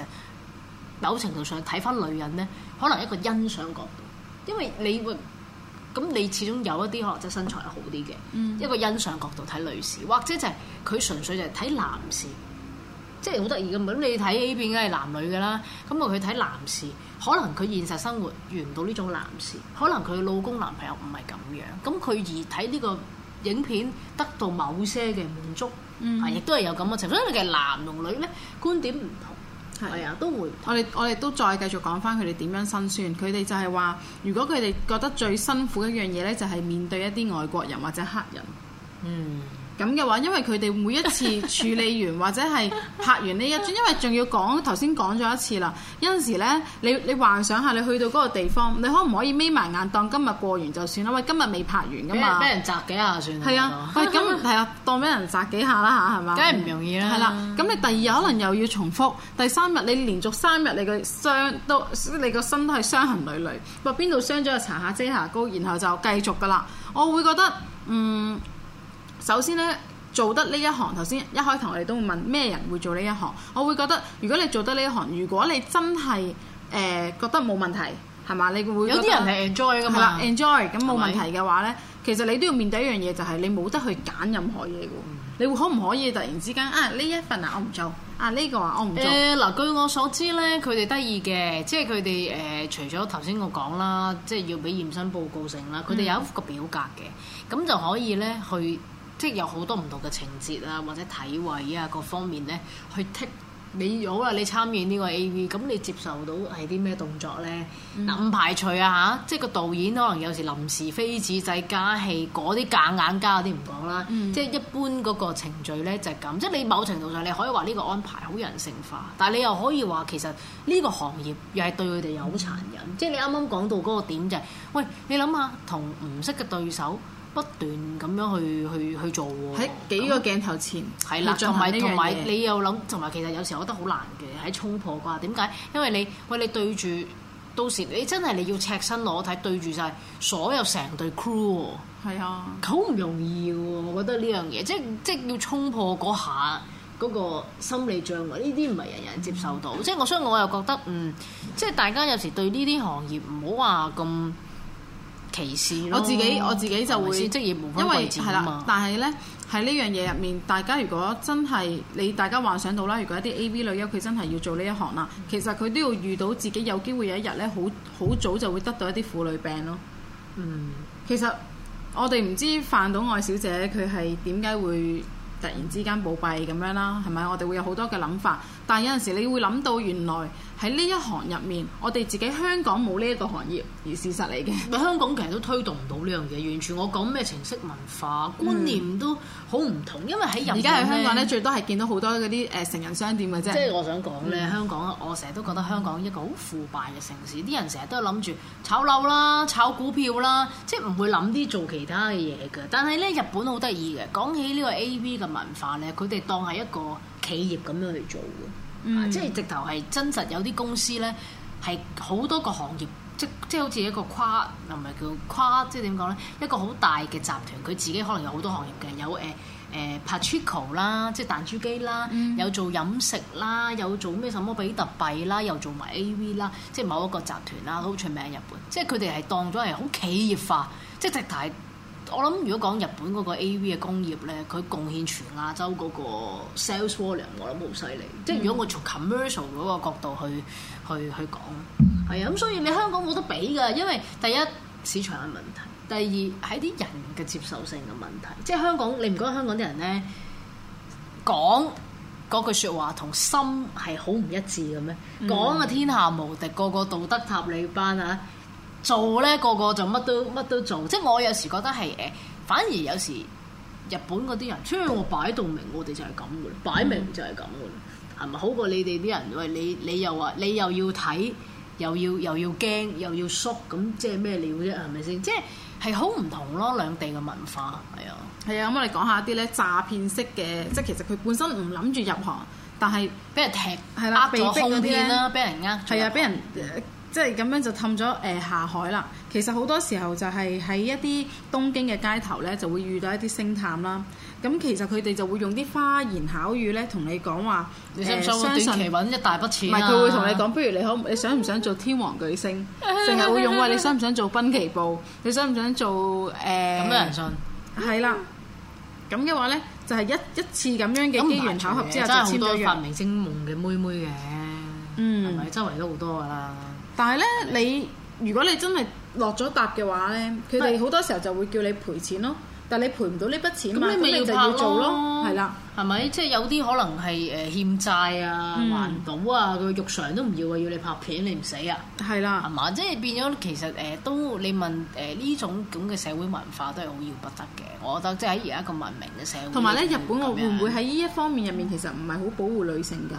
某程度上睇翻女人咧，可能一個欣賞角度，因為你會。咁你始終有一啲可能，即身材好啲嘅、嗯、一個欣賞角度睇女士，或者就係佢純粹就係睇男士，即係好得意咁。咁你睇呢邊梗係男女嘅啦，咁啊佢睇男士，可能佢現實生活遇唔到呢種男士，可能佢老公男朋友唔係咁樣，咁佢而睇呢個影片得到某些嘅滿足，嗯、啊，亦都係有咁嘅情況。所以其實男同女咧觀點唔同。係啊，都會。我哋我哋都再繼續講返佢哋點樣辛酸。佢哋就係話，如果佢哋覺得最辛苦一樣嘢呢，就係面對一啲外國人或者黑人。嗯。咁嘅話，因為佢哋每一次處理完 或者係拍完呢一轉，因為仲要講頭先講咗一次啦。有陣時咧，你你幻想下，你去到嗰個地方，你可唔可以眯埋眼當今日過完就算啦？喂，今日未拍完噶嘛？俾人砸幾下就算係啊！喂，咁係啊，當俾人砸幾下啦嚇，係嘛？梗係唔容易啦。係啦、啊，咁你第二日可能又要重複，第三日你連續三日你嘅傷都你個身體都係傷痕累累。喂，邊度傷咗就搽下遮瑕膏，然後就繼續噶啦。我會覺得嗯。嗯。首先咧，做得呢一行，頭先一開頭我哋都會問咩人會做呢一行。我會覺得如果你做得呢一行，如果你真係誒、呃、覺得冇問題，係嘛？你會覺得有啲人係 enjoy 㗎嘛？enjoy，咁冇問題嘅話咧，吧其實你都要面對一樣嘢，就係、是、你冇得去揀任何嘢嘅吧你會可唔可以突然之間啊呢一份啊我唔做啊呢個話我唔做？嗱、啊這個呃，據我所知咧，佢哋得意嘅，即係佢哋誒除咗頭先我講啦，即係要俾驗身報告成啦，佢哋有一個表格嘅，咁、嗯、就可以咧去。即係有好多唔同嘅情節啊，或者體位啊各方面咧，去剔你好啦，你參與呢個 A V，咁你接受到係啲咩動作咧？嗱、嗯，唔排除啊嚇，即係個導演可能有時臨時飛子仔飛紙仔加戲，嗰啲夾硬加嗰啲唔講啦。嗯、即係一般嗰個程序咧就係、是、咁，即係你某程度上你可以話呢個安排好人性化，但係你又可以話其實呢個行業又係對佢哋又好殘忍。嗯、即係你啱啱講到嗰個點就係、是，喂，你諗下同唔識嘅對手。不斷咁樣去去去做喺幾個鏡頭前，係啦樣，同埋同埋你又諗，同埋其實有時候我覺得好難嘅，喺衝破嗰下點解？因為你喂你對住，到時你真係你要赤身裸體對住晒所有成隊 crew，係啊，好唔容易喎！我覺得呢樣嘢，即即要衝破嗰下嗰個心理障礙，呢啲唔係人人接受到，即係我所以我又覺得嗯，即係大家有時對呢啲行業唔好話咁。歧視，我自己我自己就會，因為係啦，但係呢，喺呢樣嘢入面，大家如果真係你大家幻想到啦，如果一啲 AV 女優佢真係要做呢一行啦，嗯、其實佢都要遇到自己有機會有一日呢，好好早就會得到一啲婦女病咯。嗯，其實我哋唔知飯島愛小姐佢係點解會突然之間暴斃咁樣啦？係咪我哋會有好多嘅諗法？但有陣時你會諗到原來。喺呢一行入面，我哋自己香港冇呢一個行業，而事實嚟嘅。嗯、香港其實都推動唔到呢樣嘢，完全我講咩情色文化觀念都好唔同。因為喺日本咧，而家喺香港咧，最多係見到好多嗰啲誒成人商店嘅啫。即係我想講咧，嗯、香港，我成日都覺得香港一個好腐敗嘅城市，啲人成日都諗住炒樓啦、炒股票啦，即係唔會諗啲做其他嘅嘢嘅。但係咧，日本好得意嘅，講起呢個 AV 嘅文化咧，佢哋當係一個企業咁樣嚟做嘅。嗯、即係直頭係真實，有啲公司咧係好多個行業，即即係好似一個跨，唔係叫跨，即係點講咧？一個好大嘅集團，佢自己可能有好多行業嘅，嗯、有誒誒、呃、Patrico 啦，即係彈珠機啦，嗯、有做飲食啦，有做咩什麼比特幣啦，又做埋 A V 啦，即係某一個集團啦，好出名喺日本。即係佢哋係當咗係好企業化，即係直頭係。我諗如果講日本嗰個 A.V. 嘅工業咧，佢貢獻全亞洲嗰個 sales volume，我諗好犀利。即係是如果我從 commercial 嗰個角度去去去講，係啊、嗯，咁所以你香港冇得比噶。因為第一市場嘅問題，第二係啲人嘅接受性嘅問題。即係香港，你唔覺得香港啲人咧講句說話同心係好唔一致嘅咩？講嘅、嗯、天下無敵，個個道德塔利班啊！做咧個個就乜都乜都做，即係我有時覺得係誒，反而有時日本嗰啲人出去，嗯、我擺到明，我哋就係咁嘅啦，擺明就係咁嘅啦，係咪、嗯、好過你哋啲人？喂，你你又話你又要睇，又要又要驚，又要縮，咁即係咩料啫？係咪先？即係係好唔同咯，兩地嘅文化係啊，係啊，咁我哋講下啲咧詐騙式嘅，即係其實佢本身唔諗住入行，但係俾人踢係啦、啊，被控騙啦，俾人呃係啊，俾人。 即係咁樣就氹咗誒下海啦。其實好多時候就係喺一啲東京嘅街頭咧，就會遇到一啲星探啦。咁其實佢哋就會用啲花言巧語咧，同你講話誒，相信揾一大筆錢，啊。唔係佢會同你講，不如你好，你想唔想做天王巨星？成日會用喂，你想唔想做濱崎步？你想唔想做誒？咁、呃、多人信。係啦。咁嘅話咧，嗯、就係一一次咁樣嘅機緣巧合之下，就簽咗發明星夢嘅妹妹嘅。嗯，係咪周圍都好多噶啦？但係咧，你如果你真係落咗答嘅話咧，佢哋好多時候就會叫你賠錢咯。但係你賠唔到呢筆錢，咁你咪、啊、就要做咯，係啦了，係咪？即係有啲可能係誒欠債啊，還唔到啊，佢肉償都唔要啊，要你拍片你唔死啊？係啦了，係嘛？即係變咗其實誒都、呃、你問誒呢、呃、種咁嘅社會文化都係好要不得嘅。我覺得即係喺而家一個文明嘅社會，同埋咧日本我會唔會喺呢一方面入面其實唔係好保護女性㗎？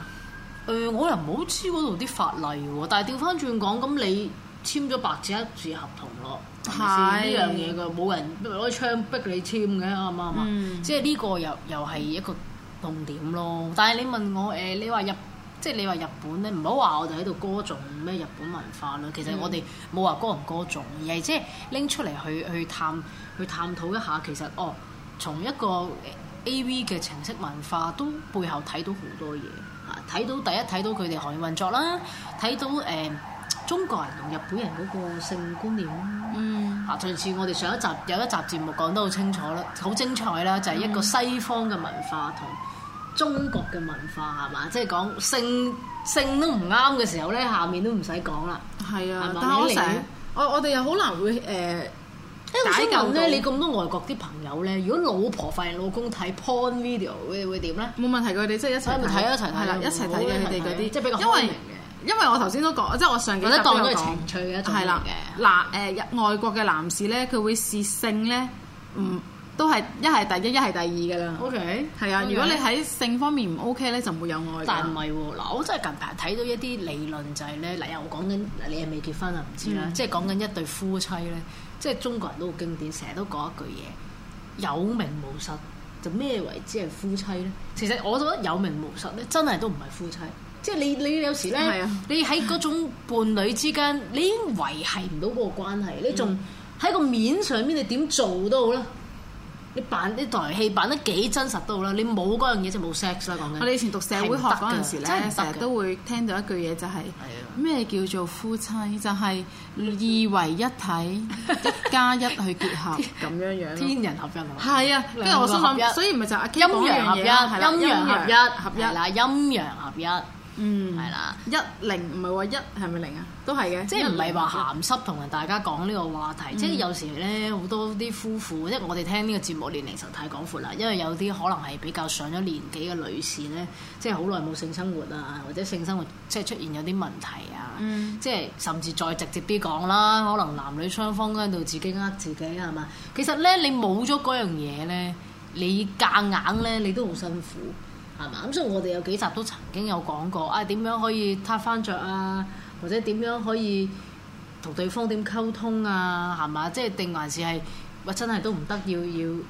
誒、呃，我又唔好知嗰度啲法例喎。但係調翻轉講，咁你簽咗白紙黑字合同咯，係呢是樣嘢嘅，冇人攞槍逼你簽嘅，啱唔啱？即係呢個又又係一個重點咯。但係你問我誒、呃，你話日即係你話日本咧，唔好話我哋喺度歌頌咩日本文化啦。其實我哋冇話歌唔歌頌，而係即係拎出嚟去去探去探討一下。其實哦，從一個 A V 嘅情色文化都背後睇到好多嘢。睇到第一睇到佢哋行業運作啦，睇到誒、呃、中國人同日本人嗰個性觀念啦。嗯。啊，上次我哋上一集有一集節目講得好清楚啦，好精彩啦，就係、是、一個西方嘅文化同中國嘅文化係嘛？即係講性性都唔啱嘅時候咧，下面都唔使講啦。係啊，吧但係我、嗯、我哋又好難會誒。呃因我想問咧，你咁多外國啲朋友咧，如果老婆發現老公睇 porn video，會會點咧？冇問題，佢哋即係一齊睇一齊睇啦，一齊睇嘅佢哋嗰啲，因為因為我頭先都講，即係我上幾集都講，或者當佢情趣嘅一種嘅。嗱誒，外國嘅男士咧，佢會視性咧，嗯，都係一係第一，一係第二嘅啦。O K，係啊，如果你喺性方面唔 O K 咧，就冇有愛。但唔係，嗱，我真係近排睇到一啲理論就係咧，嗱，我講緊你係未結婚啊，唔知啦，即係講緊一對夫妻咧。即係中國人都好經典，成日都講一句嘢，有名無實就咩為之係夫妻呢？其實我覺得有名無實咧，真係都唔係夫妻。即係你你有時咧，係啊、你喺嗰種伴侶之間，你已經維繫唔到嗰個關係，嗯、你仲喺個面上面，你點做都好啦。你扮呢台戲，扮得幾真實都好啦。你冇嗰樣嘢就冇 sex 啦。講緊。我哋以前讀社會學嗰陣時咧，成日都會聽到一句嘢就係：咩叫做夫妻？就係、係、二為一體， 一加一去結合咁 樣樣。天人合一係嘛？係啊，跟住我心諗，所以唔係就係阿 K 講一樣嘢，陰陽合一，啊、陰陽合一，係啦，啦，陰陽合一。嗯，係啦，一零唔係話一係咪零啊？都係嘅，即係唔係話鹹濕同人大家講呢個話題，嗯、即係有時咧好多啲夫婦，即係我哋聽呢個節目年齡層太廣闊啦，因為有啲可能係比較上咗年紀嘅女士咧，即係好耐冇性生活啊，或者性生活即係出現有啲問題啊，嗯、即係甚至再直接啲講啦，可能男女雙方都喺度自己呃自己係嘛，其實咧你冇咗嗰樣嘢咧，你夾硬咧你都好辛苦。係嘛？咁、嗯、所以我哋有幾集都曾經有講過，啊點樣可以撻翻着啊，或者點樣可以同對方點溝通啊？係嘛？即係定還是係，哇真係都唔得要要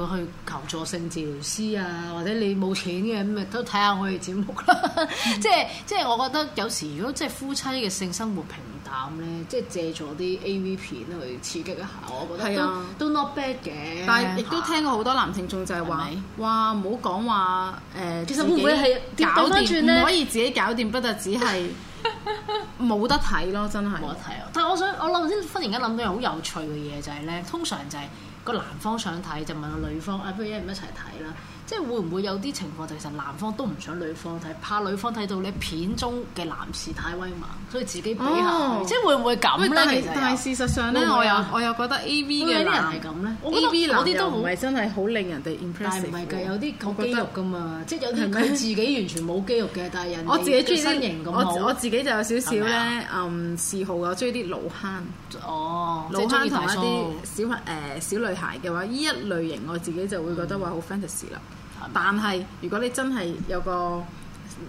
要去求助性治療師啊，或者你冇錢嘅咁啊都睇下我哋節目啦。 即係即係我覺得有時如果即係夫妻嘅性生活平，咧，即係借咗啲 A V 片去刺激一下，我覺得都是、啊、都 not bad 嘅。但係亦都聽過好多男聽眾就係話：是是哇，唔好講話誒，呃、其實會唔會係搞掂？唔可以自己搞掂，不就只係冇得睇 咯？真係冇得睇啊！但係我想，我諗先，忽然間諗到好有趣嘅嘢，就係、是、咧，通常就係個男方想睇，就問個女方：啊，不如一唔一齊睇啦？即係會唔會有啲情況，其實男方都唔想女方睇，怕女方睇到你片中嘅男士太威猛，所以自己俾下。即係會唔會咁？但係事實上咧，我又我又覺得 AV 嘅人係咁咧。我覺得嗰啲都唔係真係好令人哋 impressive 但唔係㗎，有啲好肌肉㗎嘛。即係有啲佢自己完全冇肌肉嘅，但係人。我自己中意身型，我我自己就有少少咧，嗯，嗜好啊，中意啲老坑。哦，老坑同一啲小誒小女孩嘅話，依一類型我自己就會覺得話好 fantasy 啦。但係，如果你真係有個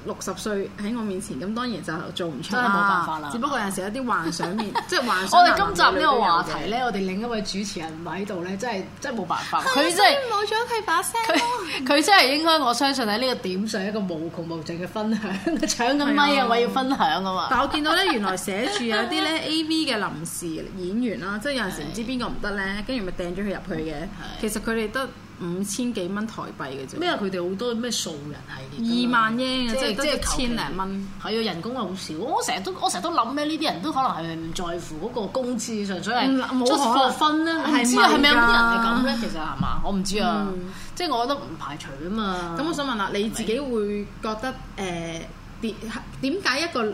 六十歲喺我面前，咁當然就做唔出啦。冇辦法啦。只不過有陣時有啲幻想面， 即係幻想。我哋今集呢個話題咧， 我哋另一位主持人咪喺度咧，真係真係冇辦法。佢 真係冇咗佢把聲。佢佢真係應該我相信喺呢個點上一個無窮無盡嘅分享， 搶緊咪啊！我要分享啊嘛。但我見到咧，原來寫住有啲咧 A V 嘅臨時演員啦， 即係有陣時唔知邊個唔得咧，跟住咪掟咗佢入去嘅。 其實佢哋都……五千幾蚊台幣嘅啫，咩啊？佢哋好多咩素人係二萬英，即係得千零蚊。係啊，人工係好少。我成日都我成日都諗咩呢啲人都可能係唔在乎嗰個工資上，純粹係出貨分咧。唔知係咪有啲人係咁咧？其實係嘛，我唔知啊。即係我覺得唔排除啊嘛。咁我想問下，你自己會覺得誒點點解一個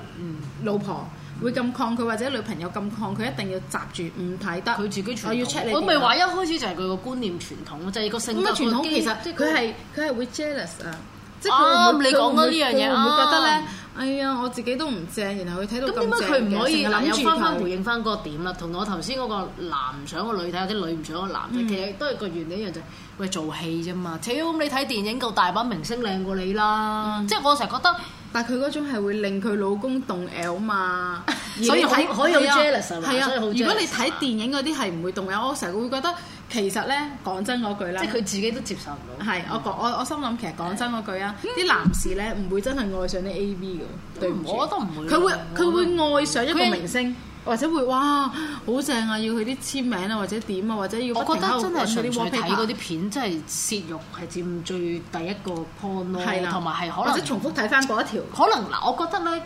老婆會咁抗拒或者女朋友咁抗拒，一定要閘住唔睇得佢自己要傳統。我咪係話一開始就係佢個觀念傳統，就係個性格。咁嘅傳統其實佢係佢係會 jealous 啊！即係佢會會會覺得咧，哎呀我自己都唔正，然後佢睇到咁正嘅，然後又翻翻回應翻嗰個點啦。同我頭先嗰個男唔想個女睇，有啲女唔想個男睇，其實都係個原理一樣，就係喂做戲啫嘛。屌咁你睇電影，夠大把明星靚過你啦。即係我成日覺得。但佢嗰種係會令佢老公動 L 嘛。 所以可我看可以 jealous 啊，如果你睇電影嗰啲係唔會動 L。我成日會覺得其實咧講真嗰句啦，即係佢自己都接受唔到。係、嗯，我講我我心諗其實講真嗰句啊，啲、嗯、男士咧唔會真係愛上啲 AV 嘅，嗯、對唔住。我都唔會。佢會佢會愛上一個明星。或者會哇，好正啊！要佢啲簽名啊，或者點啊，或者要不停喺度關注睇嗰啲片，皮真係涉入係佔最第一個 point 咯。係啊，同埋係可能或者重複睇翻嗰一條。可能嗱，我覺得咧，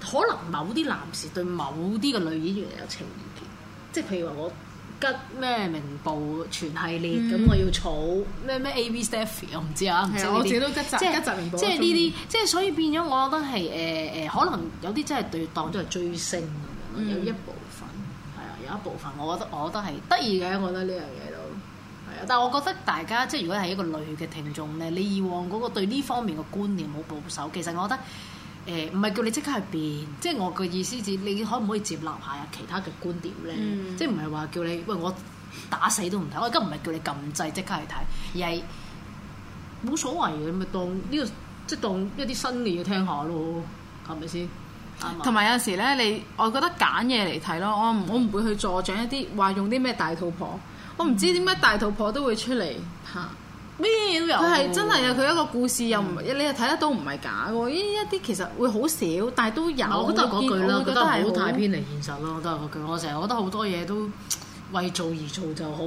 可能某啲男士對某啲嘅女演員有情意結，即係譬如話我吉咩名部全系列，咁、嗯、我要儲咩咩 AB Staffy 我唔知啊。的我自己都吉澤，吉澤名部，即係呢啲，即係所以變咗，我覺得係誒誒，可能有啲真係對當咗係追星。有一部分係、嗯、啊，有一部分我，我覺得我都係得意嘅，我覺得呢樣嘢都係啊。但係我覺得大家即係如果係一個女嘅聽眾咧，你以往嗰個對呢方面嘅觀念好保守，其實我覺得誒，唔、呃、係叫你即刻去變，即係我嘅意思，只你可唔可以接納下其他嘅觀點咧？嗯、即係唔係話叫你喂我打死都唔睇，我而家唔係叫你撳掣即刻去睇，而係冇所謂嘅咁咪當呢、呢個即係當一啲新嘅嘢聽下咯，係咪先？同埋有陣時咧，你我覺得揀嘢嚟睇咯，我唔我唔會去助長一啲話用啲咩大肚婆，我唔知點解大肚婆都會出嚟拍，咩都有。佢係真係啊！佢一個故事、嗯、又唔你又睇得到唔係假嘅喎，依一啲其實會好少，但係都有。都係嗰句啦，我覺得好太偏離現實咯。都係嗰句，我成日覺得好多嘢都為做而做就好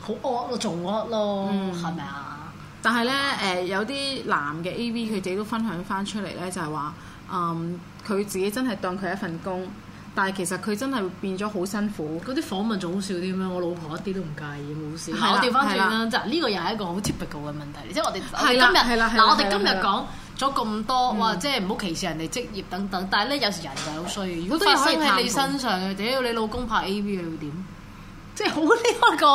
好惡咯，做惡咯，係咪啊？是是但係咧誒，嗯、有啲男嘅 A V 佢哋都分享翻出嚟咧，就係話嗯。佢自己真係當佢一份工，但係其實佢真係變咗好辛苦。嗰啲訪問仲好笑啲咩？我老婆一啲都唔介意，好笑。我啊，調翻轉啦，就呢個又係一個好 typical 嘅問題。即係我哋今日，嗱我哋今日講咗咁多，哇！即係唔好歧視人哋職業等等。但係咧，有時人又好衰。如果都係喺你身上嘅，屌你老公拍 AV 啊，會點？即係好呢一個，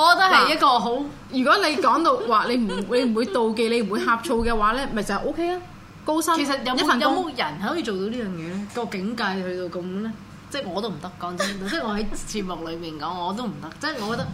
我覺得係一個好。如果你講到話你唔你唔會妒忌你唔會呷醋嘅話咧，咪就係 OK 啊！高其實有冇有冇人係可以做到呢樣嘢咧？個 境界去到咁咧，即係我都唔得。講 真，即係我喺節目裏面講，我都唔得。即係我覺得，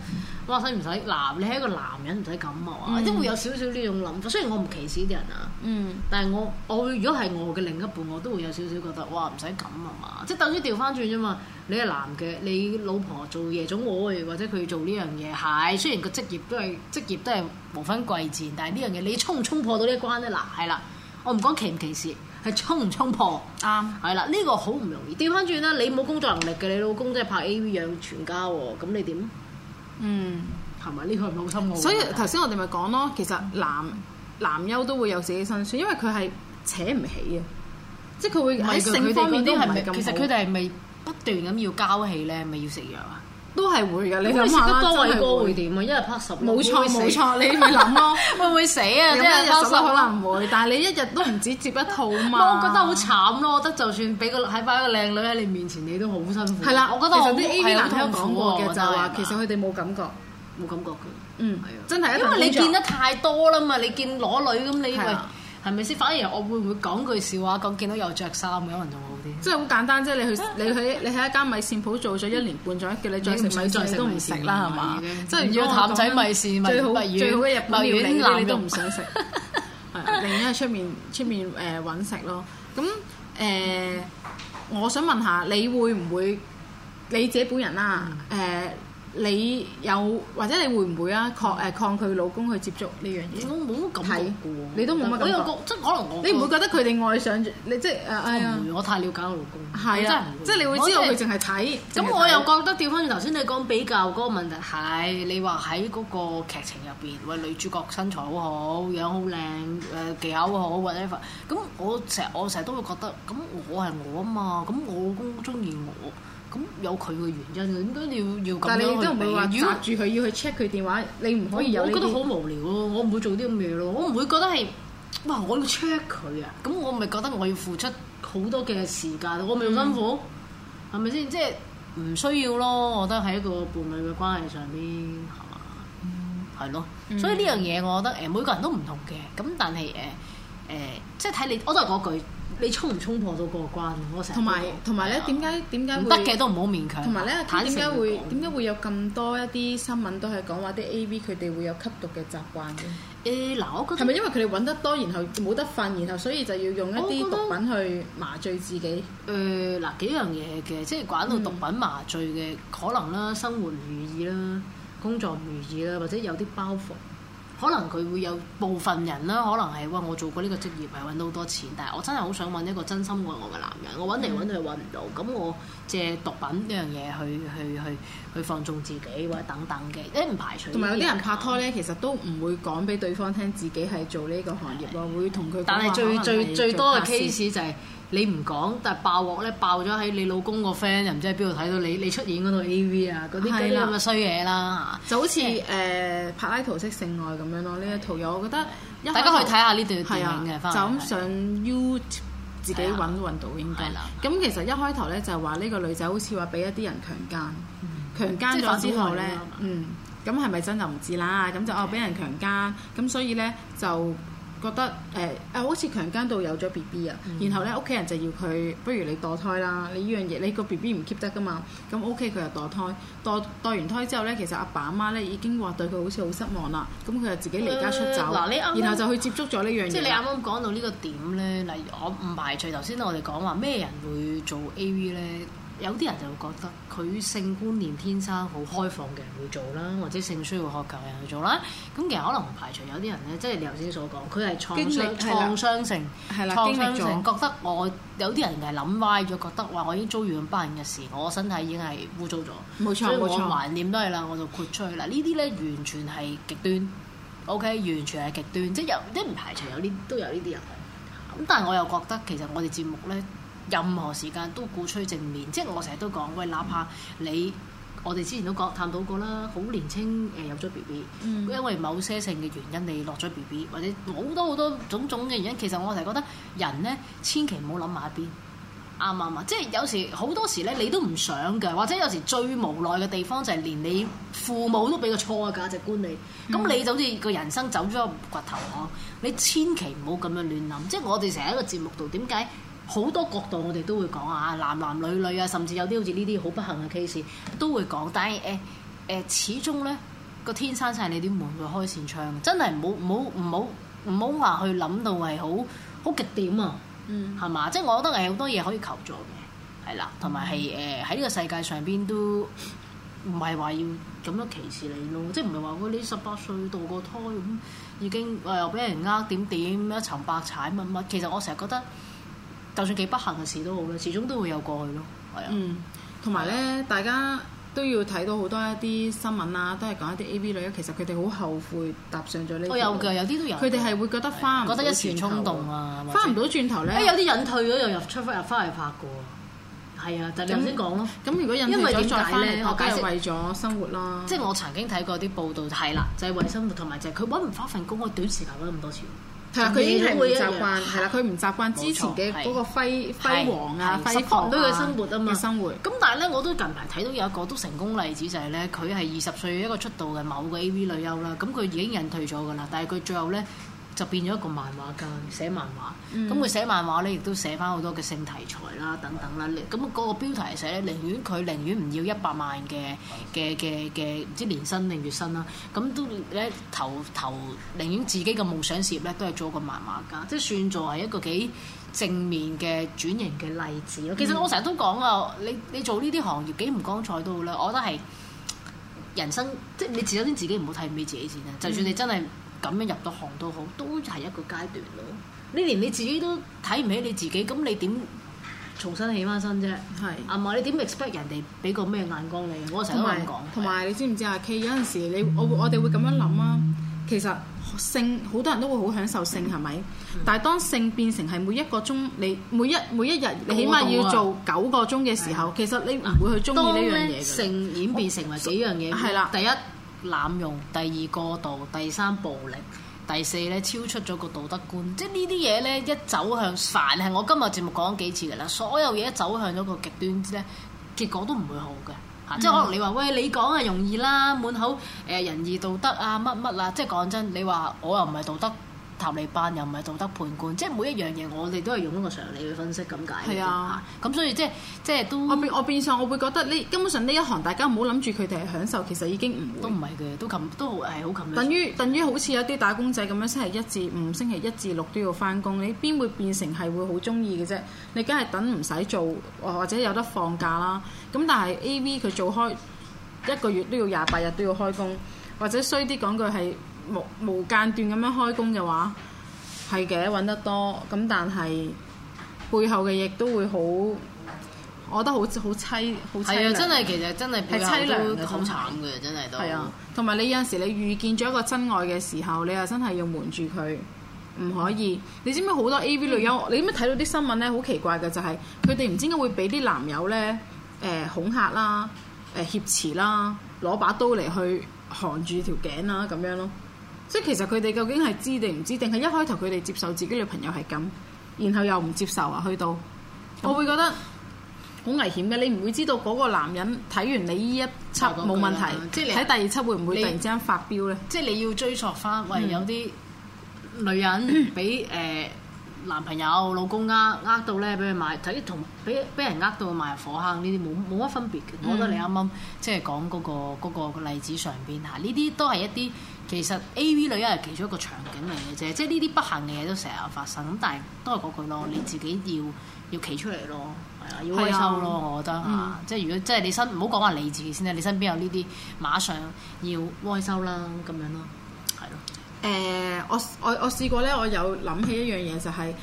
哇！使唔使男？你係一個男人，唔使咁啊嘛。即係會有少少呢種諗法。雖然我唔歧視啲人啊，嗯、但係我我如果係我嘅另一半，我都會有少少覺得，哇！唔使咁啊嘛。即係等於調翻轉啫嘛。你係男嘅，你老婆做夜總會，或者佢做呢樣嘢，係、哎、雖然個職業都係職業都係無分貴賤，但係呢樣嘢你衝唔衝破到呢關咧？嗱、啊，係啦。我唔講歧唔歧視，係衝唔衝破？啱，係啦，呢個好唔容易。調翻轉啦，你冇工作能力嘅，你老公即係拍 A V 養全家喎，咁你點咧？嗯，係咪呢個係好心惡？所以頭先是我哋咪講咯，其實男男優都會有自己辛酸，因為佢係扯唔起嘅，即係佢會喺性方面都唔係咁好。其實佢哋係咪不斷咁要交氣咧？咪要食藥啊？都係會嘅，你咁多位哥會點啊？一日拍十，冇錯冇錯，你咪諗咯，會唔會死啊？即係一日十，可能會，但係你一日都唔止接一套嘛。我覺得好慘咯，我覺得就算俾個喺翻一個靚女喺你面前，你都好辛苦。係啦，我覺得啲 AV 男同我講過嘅，就係話其實佢哋冇感覺，冇感覺嘅。嗯，係啊，真係因為你見得太多啦嘛，你見攞女咁，你係咪先？反而我會唔會講句笑話，講見到有着衫嘅可能仲好啲，即係好簡單。即 係 你去你喺你喺一間米線鋪做咗一年半載叫你再食米線，再食都唔食啦，係嘛、嗯？即係吧如果譚仔米線、米米粵、米粵南，你都唔想食。係寧願喺出面出面誒揾食咯。咁誒、呃，我想問下你會唔會你自己本人啦、啊、誒？呃你有或者你會唔會啊抗誒抗拒老公去接觸呢樣嘢？我冇咁睇，看你都冇乜感覺。即係可能我你唔會覺得佢哋愛上住你即，即係誒。唔會，我太了解我老公。係啊，即係你會知道佢淨係睇。咁我，我又覺得調翻轉頭先你講比較嗰、嗰個問題係你話喺嗰個劇情入邊，喂女主角身材好好，樣好靚，誒、呃、技巧又好，或者咁我成日我成日都會覺得，咁我係我啊嘛，咁我老公中意我。咁有佢嘅原因，應該要要咁你都未話，如果住佢要去 check 佢電話，你唔可以有。我覺得好無聊咯，我唔會做啲咁嘅嘢咯，我唔會覺得係，哇！我要 check 佢啊，咁我咪覺得我要付出好多嘅時間，我咪辛苦，係咪先？即係唔需要咯，我覺得喺一個伴侶嘅關係上邊，係嘛？係、嗯、咯，嗯、所以呢樣嘢，我覺得誒每個人都唔同嘅，咁但係誒誒，即係睇你，我都係嗰句。你衝唔衝破到過關？我同埋同埋咧，點解點解得嘅都唔好勉強。同埋咧，點解會點解會有咁多一啲新聞都係講話啲 AV 佢哋會有吸毒嘅習慣嘅？誒、欸，嗱、呃，我覺係咪因為佢哋揾得多，然後冇得瞓，然後所以就要用一啲毒品去麻醉自己？誒，嗱、呃，幾樣嘢嘅，即係講到毒品麻醉嘅、嗯、可能啦，生活唔如意啦，工作唔如意啦，或者有啲包袱。可能佢會有部分人啦，可能係哇我做過呢個職業係揾到好多錢，但係我真係好想揾一個真心愛我嘅男人，我揾嚟揾去揾唔到，咁、嗯、我借毒品呢樣嘢去去去去放縱自己或者等等嘅，誒、欸、唔排除。同埋有啲人拍拖咧，其實都唔會講俾對方聽自己係做呢個行業喎，的會同佢。但係可最最最多嘅 case 的就係、是。你唔講，但係爆鑊咧，爆咗喺，你老公個 friend 又唔知喺邊度睇到你，你出演嗰套 AV 啊，嗰啲咁嘅衰嘢啦，就好似誒，柏拉圖式性愛咁樣咯。呢一套嘢我覺得大家可以睇下呢段片嘅，就咁上 YouTube 自己揾揾到應該。咁其實一開頭咧就話呢個女仔好似話俾一啲人強姦，強姦咗之後咧，嗯，咁係咪真就唔知啦？咁就哦俾人強姦，咁所以咧就。覺得誒誒、欸、好似強姦到有咗 B B 啊，嗯、然後咧屋企人就要佢，不如你墮胎啦！你呢樣嘢，你個 B B 唔 keep 得噶嘛？咁 O K 佢又墮胎，墮墮完胎之後咧，其實阿爸阿媽咧已經話對佢好似好失望啦，咁佢就自己離家出走，呃、你啱啱然後就去接觸咗呢樣嘢。即係你啱啱講到呢個點咧？例如我唔排除頭先我哋講話咩人會做 A V 咧？有啲人就會覺得佢性觀念天生好開放嘅人會做啦，或者性需要渴求嘅人去做啦。咁其實可能唔排除有啲人咧，即係你頭先所講，佢係創傷經歷創傷性了創傷性經覺得我有啲人係諗歪咗，覺得話我已經遭遇咁班嘅事，我身體已經係污糟咗。冇錯，冇錯，所以我懷錯念都係啦，我就豁出去嗱。呢啲咧完全係極端，OK，完全係極端，即係有都唔排除有呢都有呢啲人。咁但係我又覺得其實我哋節目咧。任何時間都鼓吹正面，即係我成日都講喂，哪怕你我哋之前都講探討過啦，好年輕誒、呃、有咗 B B，因為某些性嘅原因你落咗 B B，或者好多好多種種嘅原因，其實我成日覺得人咧千祈唔好諗埋一邊啱唔啱，即係有時好多時咧你都唔想㗎，或者有時最無奈嘅地方就係連你父母都俾個錯嘅價值觀你，咁、嗯、你就好似個人生走咗個骨頭你千祈唔好咁樣亂諗，即係我哋成日喺個節目度點解？好多角度我哋都會講啊，男男女女啊，甚至有啲好似呢啲好不幸嘅 case 都會講。但係誒誒，始終咧個天閂曬你啲門，會開扇窗，真係冇冇唔好唔好話去諗到係好好極點啊，係嘛、嗯？即係我覺得係好多嘢可以求助嘅，係啦，同埋係誒喺呢個世界上邊都唔係話要咁樣歧視你咯，即係唔係話你十八歲墮過胎咁已經誒又俾人呃點點一層白踩乜乜。其實我成日覺得。就算幾不幸嘅事都好啦，始終都會有過去咯。係啊。同埋咧，呢啊、大家都要睇到好多一啲新聞啊，都係講一啲 AV 女，其實佢哋好後悔搭上咗呢。有有都有㗎，有啲都有。佢哋係會覺得翻，覺得一時衝動時、欸、啊，翻唔到轉頭咧。有啲隱退咗又入出，翻入翻嚟拍㗎喎。係啊，咁先講咯。咁如果隱退咗再翻嚟，我梗係為咗生活啦。即係我曾經睇過啲報道，係啦，就係、是、為生活同埋就係佢揾唔翻份工，我短時間揾咁多錢。係啦，佢已經係唔習慣，係啦麼，佢唔習慣之前嘅嗰個輝輝煌啊、輝煌啊嘅生活啊嘛。咁、啊、但係咧，我都近排睇到有一個都成功例子就係、是、咧，佢係二十歲一個出道嘅某個 AV 女優啦。咁佢已經引退咗㗎啦，但係佢最後咧。就變咗一個漫畫家寫漫畫，咁佢、嗯、寫漫畫咧，亦都寫翻好多嘅性題材啦，等等啦。咁、那、嗰個標題係寫，寧願佢寧願唔要一百萬嘅嘅嘅嘅唔知年薪定月薪啦，咁都咧投投寧願自己嘅夢想事業咧，都係做一個漫畫家，即係算作為一個幾正面嘅轉型嘅例子咯。嗯、其實我成日都講啊，你你做呢啲行業幾唔光彩都好啦，我覺得係人生即係你自己，先自己唔好睇唔起自己先啊。就算你真係、嗯。咁樣入到行都好，都係一個階段咯。你連你自己都睇唔起你自己，咁你點重新起返身啫？係啱啊！你點 expect 人哋俾個咩眼光你？我成日都咁講。同埋你知唔知啊？K 有陣時你我我哋會咁樣諗啊。其實性好多人都會好享受性係咪？但係當性變成係每一個鐘你每一每一日，你起碼要做九個鐘嘅時候，其實你唔會去鍾意呢樣嘢嘅。當性演變成為幾樣嘢，係啦，第一。濫用，第二過度，第三暴力，第四咧超出咗個道德觀，即係呢啲嘢咧一走向，凡係我今日節目講幾次嘅啦，所有嘢走向咗個極端咧，結果都唔會好嘅，嗯、即係可能你話喂，你講係容易啦，滿口誒仁義道德啊乜乜啊，即係講真，你話我又唔係道德塔利班又唔係道德判官，即係每一樣嘢我哋都係用一個常理去分析咁解嘅啊，咁的、嗯、所以即係即係都我變我變相，我會覺得呢根本上呢一行大家唔好諗住佢哋係享受，其實已經唔都唔係嘅，都咁都係好咁樣。等於等於好似有啲打工仔咁樣，星期一至五、星期一至六都要翻工，你邊會變成係會好中意嘅啫？你梗係等唔使做，或者有得放假啦。咁但係 A V 佢做開一個月都要廿八日都要開工，或者衰啲講句係。無無間斷咁樣開工嘅話，係嘅，揾得多咁，但係背後嘅亦都會好，我覺得好好凄，好悽啊，真係其實真係比較好慘嘅，真係都係啊。同埋你有陣時，你遇見咗一個真愛嘅時候，你又真係要瞞住佢，唔可以。你知唔知好多 A.V. 女優？你啱啱睇到啲新聞咧，好奇怪嘅就係佢哋唔知點解會俾啲男友咧，誒恐嚇啦，誒挾持啦，攞把刀嚟去含住條頸啦，咁樣咯。即係其實佢哋究竟係知定唔知？定係一開頭佢哋接受自己嘅朋友係咁，然後又唔接受啊？去到、嗯、我會覺得好危險嘅。你唔會知道嗰個男人睇完你呢一輯冇問題，即你睇第二輯會唔會突然之間發飆咧？即係你要追溯翻。喂、嗯，有啲女人俾誒、呃、男朋友、老公呃呃到咧，俾佢買睇同俾俾人呃到賣火坑呢啲冇冇乜分別嘅。嗯、我覺得你啱啱即係講嗰個嗰、嗰個、例子上邊嚇，呢啲都係一啲。其實 A.V. 女優係其中一個場景嚟嘅啫，即係呢啲不幸嘅嘢都成日發生，咁但係都係嗰句咯，你自己要要企出嚟咯，係啊，要開收咯，的我覺得嚇、嗯，即係如果即係你身唔好講話你自己先啦，你身邊有呢啲馬上要開收啦咁樣咯，係咯。誒、呃，我我我試過咧，我有諗起一樣嘢就係、是、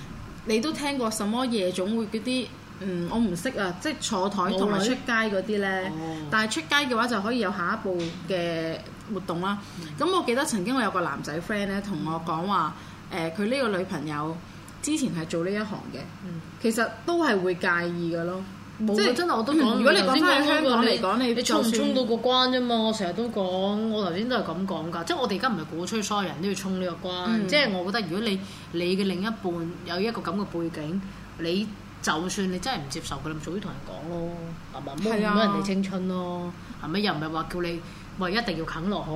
你都聽過什麼夜總會嗰啲，嗯，我唔識啊，即係坐台同埋出街嗰啲咧，我但係出街嘅話就可以有下一步嘅活動啦，咁、嗯、我記得曾經我有個男仔 friend 咧，同我講話，誒佢呢個女朋友之前係做呢一行嘅，嗯、其實都係會介意嘅咯。即係真係我都講。如果你講翻香港嚟講，你你衝唔衝到個關啫嘛？我成日都講，我頭先都係咁講㗎。即係我哋而家唔係鼓吹所有人都要衝呢個關，即係、嗯、我覺得如果你你嘅另一半有一個咁嘅背景，你就算你真係唔接受佢，你咪早啲同人講咯，唔好污損人哋青春咯。係咪？又唔係話叫你。喂，一定要啃落去，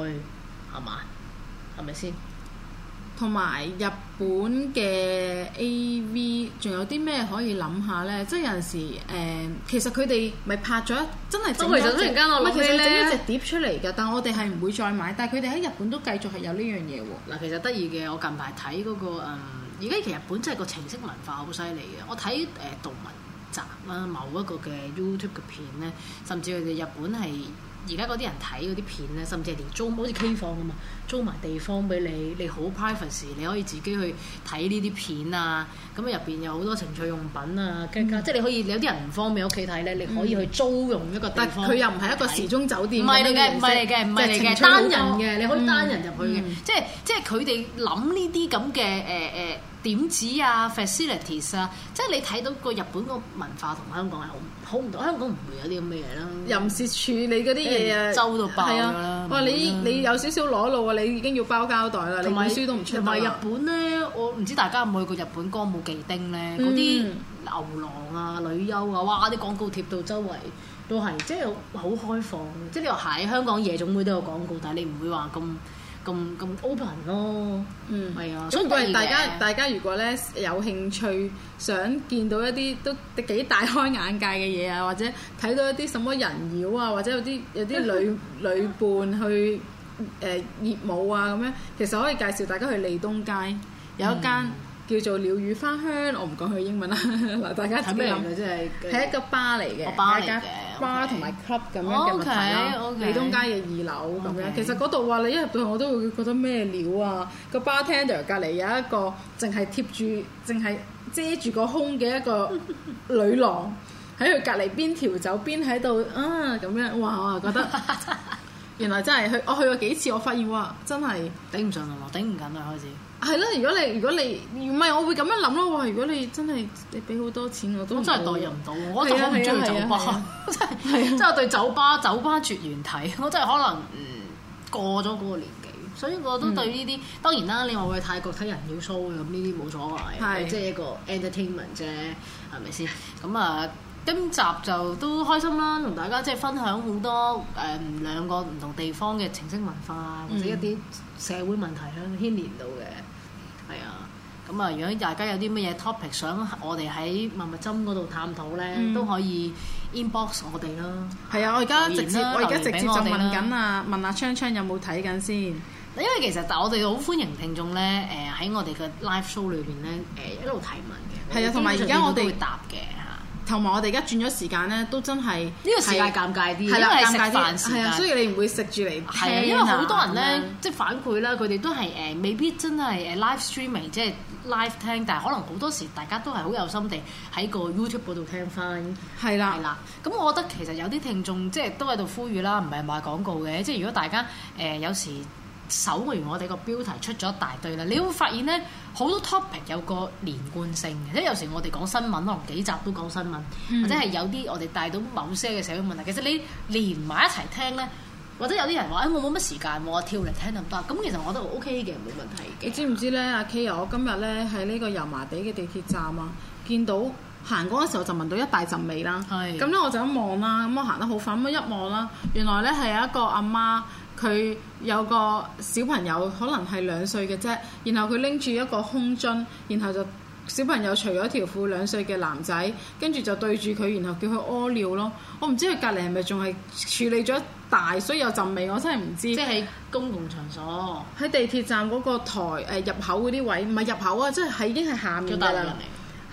係嘛？係咪先？同埋日本嘅 AV，仲有啲咩可以諗下咧？即係有陣時，誒、呃，其實佢哋咪拍咗，真係整間整間我落其實整一隻碟出嚟㗎，但係我哋係唔會再買。但係佢哋喺日本都繼續係有呢樣嘢喎。嗱，其實得意嘅，我近排睇嗰個，呃，而家其實日本真係個情色文化好犀利嘅。我睇誒讀文集啦，某一個嘅 YouTube 嘅片咧，甚至佢哋日本係。而家嗰啲人睇嗰啲片咧，甚至係連租好似 K 房咁嘛，啊、租埋地方俾你，你好 private 嘅，你可以自己去睇呢啲片啊。咁啊入邊有好多情趣用品啊，嗯、即係你可以你有啲人唔方便喺屋企睇咧，你可以去租用一個地方、嗯、佢又唔係一個時鐘酒店，唔係嚟嘅，唔係嚟嘅，唔係嚟嘅，單人嘅，嗯、你可以單人入去嘅，嗯、即係即係佢哋諗呢啲咁嘅誒誒。呃呃點子啊，facilities 啊，即係你睇到個日本個文化同香港係好好唔同，香港唔會有啲咁嘅嘢啦。人事處理嗰啲嘢啊，周到、嗯、爆㗎啦。啊、啦你你有少少裸露喎、啊，你已經要包膠袋啦。你買書都唔出。同埋有日本咧，我唔知大家有冇去過日本歌舞伎町咧？嗰啲牛郎啊、女優啊，哇！啲廣告貼到周圍都係，即係好開放。即係你話喺香港夜總會都有廣告，但係你唔會話咁。咁咁 open 咯，嗯，係啊，所以如果係大家大家如果咧有興趣想見到一啲都幾大開眼界嘅嘢啊，或者睇到一啲什麼人妖啊，或者有啲有啲女女伴去誒熱舞啊咁樣，其實我可以介紹大家去利東街有一間叫做鳥語花香，我唔講佢英文啦，大家睇咩㗎，真係係一個 bar 嚟嘅，bar 嚟嘅。bar 同埋 club 咁樣嘅問題咯，利 Okay, okay. 東街嘅二樓咁樣，Okay. 其實嗰度話你一入到去我都會覺得咩料啊！Okay. 個 bar tender 隔離有一個淨係貼住，淨係遮住個胸嘅一個女郎，喺佢隔離邊調酒邊喺度啊咁樣，哇！我係覺得 原來真係去，我去過幾次，我發現哇，真係頂唔順啊，頂唔緊啊，開始。係啦，如果你如果你唔係，我會咁樣諗咯。哇，如果你真係你俾好多錢，我都真係代入唔到。啊、我就好唔中意酒吧，啊啊啊、 真係，真係對酒吧，酒吧絕緣體。我真係可能嗯過咗嗰個年紀，所以我都對呢啲、嗯、當然啦。你話去泰國睇人妖 show，咁呢啲冇所謂，即係、啊、一個 entertainment 啫，係咪先？咁啊，今集就都開心啦，同大家即係分享好多誒、嗯、兩個唔同地方嘅情色文化，或者一啲社會問題啦牽連到嘅。咁啊，如果大家有啲乜嘢 topic 想我哋喺蜜蜜針度探討咧，嗯、都可以 inbox 我哋咯。係啊，我而家直接，我而家直接就問緊啊，問阿昌昌有冇睇緊先？因為其實但我哋好歡迎聽眾咧，誒喺我哋嘅 live show 裏邊咧，誒一路提問嘅。係啊，同埋而家我哋知會答嘅。同埋我哋而家轉咗時間咧，都真係呢個時間尷尬啲，係啦，尷尬啲，事，啊，所以你唔會食住嚟係，因為好多人咧，樣即係反饋啦，佢哋都係誒、呃，未必真係誒 live streaming，即係 live 聽，但係可能好多時大家都係好有心地喺個 YouTube 嗰度聽返，係啦，係啦。咁我覺得其實有啲聽眾即係都喺度呼籲啦，唔係賣廣告嘅，即係如果大家誒、呃、有時。搜回我哋個標題出咗一大堆啦，嗯、你會發現咧好多 topic 有個連貫性嘅，即有時我哋講新聞，可能幾集都講新聞，嗯、或者係有啲我哋帶到某些嘅社會問題。其實你連埋一齊聽咧，或者有啲人話誒我冇乜時間我、啊、跳嚟聽咁多。」咁其實我都 O K 嘅，冇問題嘅。你知唔知咧，阿 K 啊，我今日咧喺呢個油麻地嘅地鐵站啊，見到行嗰陣時候就聞到一大陣味啦。係、嗯。咁咧我就一望啦，咁我行得好快，咁一望啦，原來咧係有一個阿媽，媽。佢有個小朋友，可能係兩歲嘅啫。然後佢拎住一個空樽，然後就小朋友除咗條褲，兩歲嘅男仔，跟住就對住佢，然後叫佢屙尿咯。我唔知佢隔離係咪仲係處理咗大，所以有陣味，我真係唔知。即係公共場所喺地鐵站嗰個台，誒、呃、入口嗰啲位，唔係入口啊，即係係已經係下面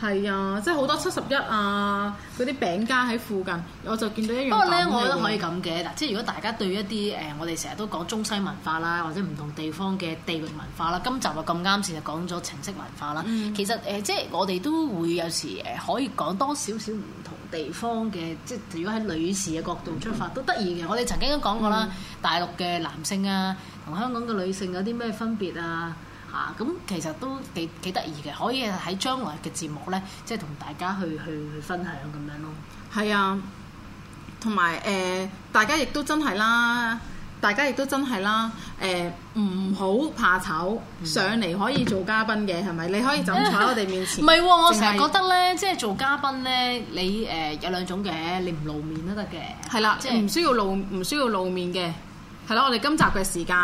係啊，即係好多七十一啊，嗰啲餅家喺附近，我就見到一樣。不過咧，我覺得可以咁嘅嗱，即係如果大家對一啲誒，我哋成日都講中西文化啦，或者唔同地方嘅地域文化啦，今集又咁啱先就講咗程式文化啦。嗯、其實誒，即係我哋都會有時誒，可以講多少少唔同地方嘅，即係如果喺女士嘅角度出發，嗯、都得意嘅。我哋曾經都講過啦，嗯、大陸嘅男性啊，同香港嘅女性有啲咩分別啊？嚇，咁其實都幾幾得意嘅，可以喺將來嘅節目咧，即係同大家去去去分享咁樣咯。係啊，同埋誒，大家亦都真係啦，大家亦都真係啦，誒唔好怕醜，上嚟可以做嘉賓嘅，係咪、嗯？你可以就坐喺我哋面前。唔係喎，是我成日覺得咧，即係做嘉賓咧，你誒有兩種嘅，你唔露面都得嘅。係啦，即係唔需要露，唔需要露面嘅。係咯，我哋今集嘅時間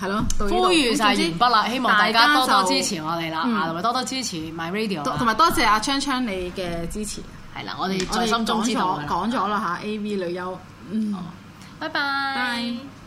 係咯，呼籲晒完畢啦，之希望大家多多支持我哋啦，同埋、嗯、多多支持 My Radio，同埋多，多謝阿昌昌你嘅支持。係、嗯、啦，我哋在心中支持嘅講咗啦吓，AV 女優，嗯，拜拜好。Bye bye